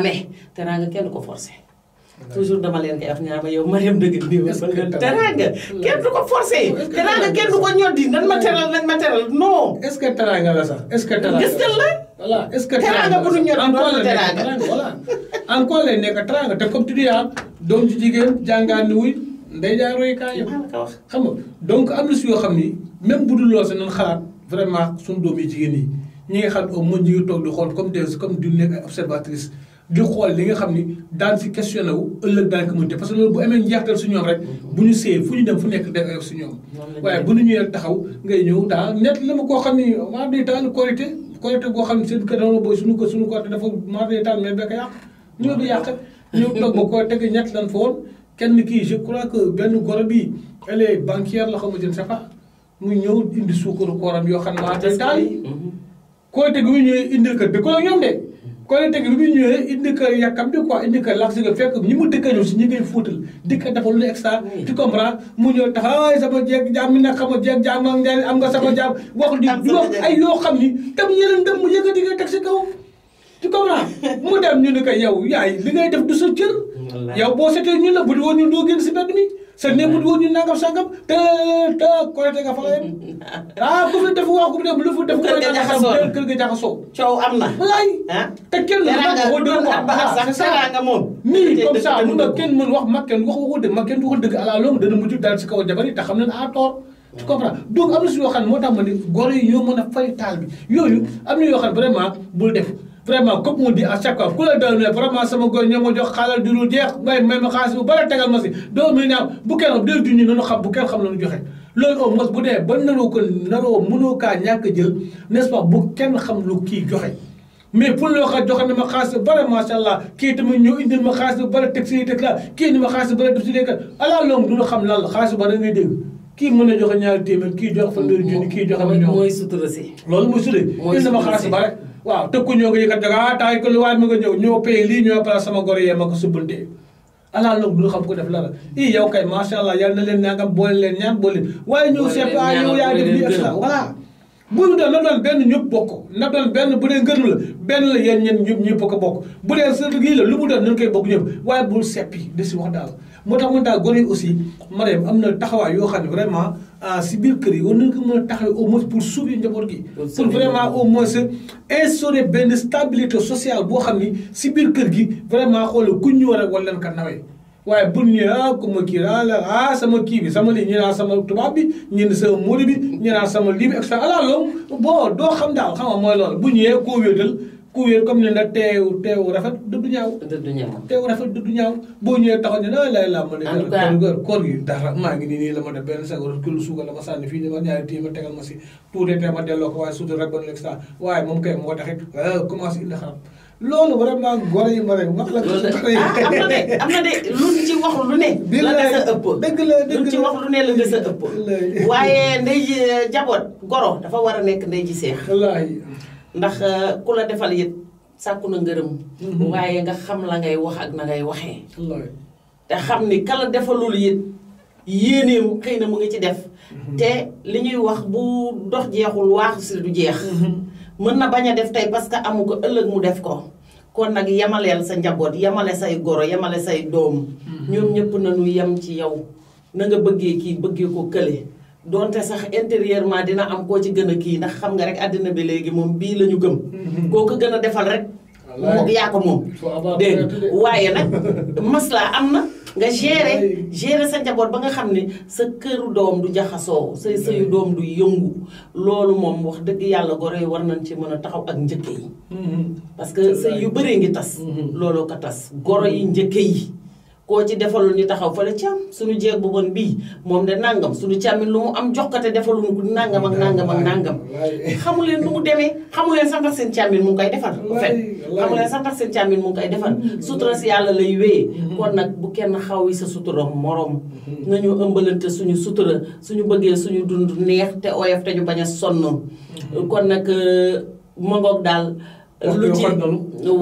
té nga kenn ko forcer toujours dama len koy af ñaa yow Mariam dëgg nii ma teranga kenn du ko forcer teranga kenn du ko ñoddi nan ma teral nan ma teral non est-ce que teranga la sax est-ce que teranga est-ce que la voilà est-ce que teranga bu ñu ñoddi doon teranga voilà encore lay nek teranga te comme tu dis ah doom ci jigéen jàngaan ni wuy ndey jaar roy kay xam nga donc am na si yoo même bu dul lo sa nan xalat vraiment sun doom yi jigéen ñu ngi xam ne au moins toog di xool comme des nekk observatrice di xool li nga xam ni daan si questionné wu ëllëg daan ko mënte parce que loolu bu amee njeextal su ñoom rek mm-hmm. bu ñu seeyee ñu dem fu nekk day oyof si ñoom waaye bu ñu ñëwee taxaw ngay ñëw daa net la ma koo xam ni maa day taal korité korité boo xam ne seen kër dama booy suñu ko suñu korité dafa maa day taal mais beka yàq ñëw du yàq ñëw toog ba lan fa kenn kii je crois que benn goro bi elle est banquière la xam sa je ne sais pas muy ñëw indi suukaru kooram yoo xam ne maa day taal koo dégg bu ko dëkkul ak ñoom de koo leen dégg bu ñëwee indi ko yàkkam bi quoi indi ko lax si nga fekk ñi mu dëkka ñëw si ñi ngay fóotal dëkka dafa lu extra tu comprends mu ñëw tax ay sama jeeg jaam mi na xam nga jeeg jaam am nga sama jaam wax di du ay yoo xam ni tam yeneen dem mu di nga teg si kaw tu comprends mu dem ñu ne ko yow yaay li ngay def du sa cër yow boo setee ñu la bu di woon ñu doo génn si mbedd mi sëñ ne mu woon ñu nangam sangam te te korite nga fa la yem ah ku fi def waaw ku fi kër ga jaxasoo kër ga jaxasoo coow am na waay ah. te kenn ko doon wax sax teraanga moom nii kenn mën wax mag kenn wax waxu dëgg mag kenn waxu la longue dana mujj daal si kaw jabar yi te xam ne à tort tu comprends donc am na si yoo xam ne moo tax ma ne gor yi ñoo mën a fay taal bi yooyu am na yoo xam ne vraiment bul def vraiment comme on dit à chaque fois ku la doon ne vraiment sama góor ñoo ma jox xaalal du dul jeex may may ma xaalis bu bari bu kenn xam xam bu kenn xam la nu joxe loolu au moins bu dee ba naroo ko a jël n'est-ce pas bu kenn xam lu kii joxe mais pour na ma xaalis bu bari macha allah kii tamit ñëw ma xaalis bu bari teg si lii teg la kii ni ma xaalis bu bari def si lii kat ala longue du ñu xam lan la xaalis bu bari ngay dégg kii mën na joxe ñaari téeméer kii jox fanweeri junni kii joxe ma ñoom. mooy sutura loolu mooy sutura indi ma xaalis bu waaw tëkku ñoo ngi yëkkat ah taay ko lu waay mu nga ñëw ñoo paye lii ñoo pare sama gor yee ma ko subbantee alaa loolu du xam ko def la i yow kay macha allah yal na leen nangam boole leen ñaan boole leen waaye ñëw seet ah yow yaa def lii na doon benn ñëpp bokk na benn bu dee ngënu la benn la yéen ñen ñëpp ñëpp ko bokk bu dee sa lii lu mu doon nañ koy bokk ñëpp waaye bul seppi di si wax daal moo tax mun daal gor aussi Mariam am na taxawaay yoo xam ne vraiment Euh, si biir kër yi war nañ ko mën a taxaw au moins pour sauver njaboot gi. pour vraiment au moins instaurer benn stabilité sociale boo xam ni si biir kër gi vraiment xool ku kuñ rek war leen ko nawee. waaye bu ñu ah ku ma kii ah, ah, sama kii bi sama lii ñu naan sama tubaab bi ñu se sama mori sama lii bi et cetera alors loolu doo xam daal xam nga mooy loolu bu ñëwee koo wéetal. ku wéer comme ni la teew rafet du ñaaw. du ñaaw teewu rafet du ñaaw boo ñëwee taxaw ne la lay la ne. maa ngi nii nii la ma def benn sago fii ma ñaari téye ma tegal ma si tuuti te ma delloo ko waaye ma rek wax la. loolu ah, am na de lu ne. bii la nga sa ëpp la ne la nga sa ëpp. waaye ndey ji eh, jaboot goro dafa war a nekk ndey ji seex. wallaahi ndax euh, ku la defal it sàkku na ngërëm. Mhm. waaye nga xam la ngay wax ak na ngay waxee. te xam ni kala defalul it yéeneem këy na mu ngi ci def. Mhm. te li ñuy wax bu dox jeexul waaxu si du jeex. Mhm. mën na bañ a def tey parce que amu ko ëllëg mu def ko. kon nag yamaleel sa njaboot yamale say goro yamale say doom. ñoom ñëpp nañu yem ci yow na nga bëggee kii bëggee ko kële. donte sax intérieurement dina am koo ci gën a kii ndax xam nga rek àddina bi léegi moom bii la ñu gëm. Mm-hmm. koo ko gën a defal rek. moom yaa ko moom. dégg waaye nag maslaa am na. nga gérer gérer sa jaboot ba nga xam ni sa këru doom du jaxasoo sa sayu doom du yëngu loolu moom wax dëgg yàlla goro yi war nañ ci mën a taxaw ak njëkke yi mm-hmm. parce que sëy yu bëree ngi tas mm-hmm. looloo ko tas goro yi njëkke yi koo ci defalul ñu taxaw fële cam suñu jeeg bu bon bii moom de nangam suñu càmmin lu mu am jokkate defalul ko nangam ak nangam ak nangam xamu leen nu mu demee xamu leen sax tax seen càmmin mu ngi koy defal bu fet xamu leen sax tax seen càmmin mu ngi koy defal mm-hmm. sutura si yàlla lay wéyee mm-hmm. kon nag bu kenn xaw yi sa sutura morom mm-hmm. nañu ëmbalante suñu sutura suñu bëggee suñu dund neex te oyof te ñu bañ a sonn kon nag euh, mangoog daal lu ci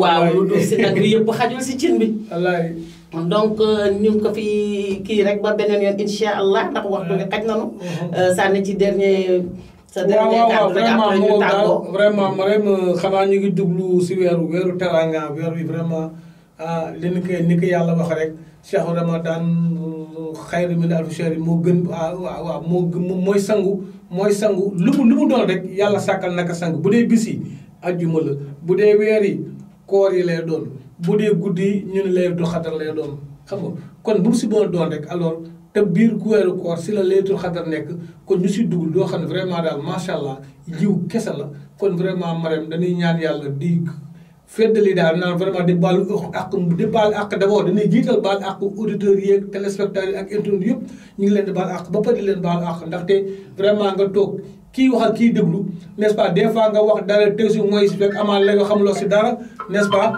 waaw lu dul si nag yëpp xajul si cin bi donc euh, ñu ngi ko fi kii rek ba beneen yoon incha allah ndax waxtu bi xaj nanu sànni mhm. euh, ci dernier sa dernier kàddu rek après ñu tàggoo vraiment vraiment euh, xanaa ñu ngi jublu si weeru weeru teranga weer vraiment ah, li ni ko yàlla wax rek cheikhu ramadan xayru min alfi shahr yi moo gën waaw waaw moo mooy sangu mooy sangu lu mu doon rek yàlla sàkkal naka sangu bu dee bis yi ajjuma la bu dee weer yi yi lay doon bu dee guddi ñu ne laylatul xadar lay doon xam kon bu si mën doon rek alors te biir weeru koor si la laylatul xadar nekk kon ñu si dugg doo xam ne vraiment daal macha allah jiw kese la kon vraiment Marème dañuy ñaan yàlla di feddali daal naan vraiment di baalu àq di baal àq d'abord dañuy jiital baal àq auditeurs yi ak téléspectateurs yi ak internet yëpp ñu ngi leen di baal àq ba pare di leen baal àq ndaxte vraiment nga toog. kii wax ak kii déglu n'est-ce des fois nga wax dara teg si mooy si fekk si dara n'est-ce pas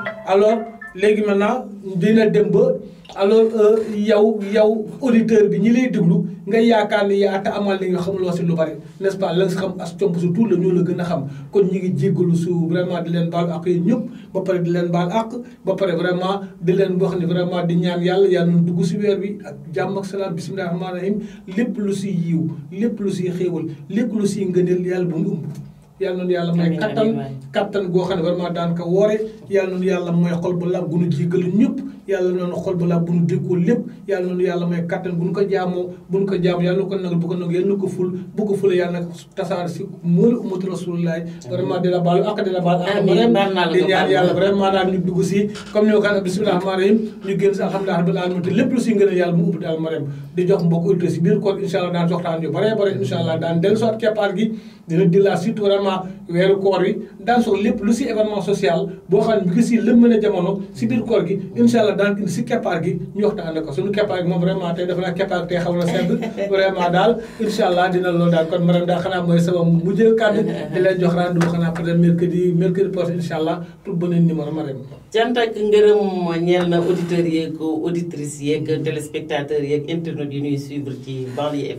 léegi man maintenant dina dem ba alors yow yow auditeur bi ñi lay déglu nga yaakaar ni yaa ta amal li nga xamuloo si lu bari n'est-ce pas la nga xam as comp surtout la ñoo gën a xam kon ñi ngi jéggalu su vraiment di leen baal ak yéen ñëpp ba pare di leen baal ak ba pare vraiment di leen wax ne vraiment di ñaan yàlla yàlla nu dugg si weer bi ak jàmm ak salaam bisimilah rahmaani rahim lépp lu si yiw lépp lu si xéewal lépp lu si ngëneel yàlla bu mu ëmb yàlla noonu yàlla may kattan kattan goo xam ne vraiment daan ko woore yàlla noonu yàlla mooy xol bu laab gunu jégalu ñëpp yàlla noonu xol bu laab bu nu lépp yàlla noonu yàlla nu ko si moolu umatu rasulullahi vraiment di si ma ko waxee bisimilah te lépp si gën a yàlla mu ubbi daal di jox mbokk ultra si biir koor incha allah daan joxtaan yu bare bare incha daan dellu si waat keppaar gi dina di la surtout vraiment weeru koor wi daan soog lépp lu si événement social boo xam ne bi ngi si lëmmën a jamono si biir koor gi incha allah daan indi si keppaar gi ñu waxtaanee ko suñu keppaar gi moom vraiment tey dafa naa keppaar tey xaw na sedd vraiment daal incha allah dina loolu daal kon madame daal xanaa mooy sama mujjee kàddu di leen jox rendez-vous xanaa peut-être mercredi mercredi prochain incha allah pour beneen numéro ma rem cant ak ngërëm ñeel na auditeurs yeeg auditrices yeeg téléspectateurs yeeg internautes yi ñuy suivre ci banlieue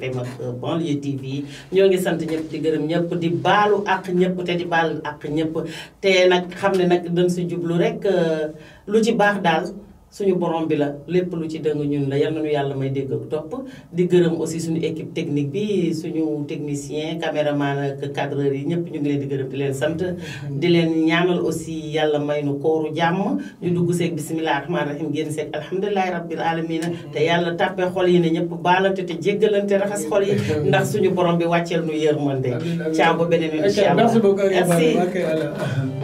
ngi sant ñëpp di gërëm ñëpp di baalu ak te di baal ak ñëpp te nag xam ne nag dañ si jublu rek euh, lu ci baax daal suñu borom bi la lépp lu ci dëng ñun la yal nañu yàlla may dégg ak topp di gërëm aussi suñu équipe technique bi suñu technicien caméraman ak cadreur yi ñëpp ñu ngi leen di gërëm di leen sant di leen ñaanal aussi yàlla may nu kooru jàmm ñu dugg seeg bisimilah rahmaan rahim génn seeg alhamdulilahi rabbil alamina te yàlla tàppe xol yi ne ñëpp baalante te jéggalante raxas xol yi ndax suñu borom bi wàcceel nu yërmande caabu beneen incha allah merci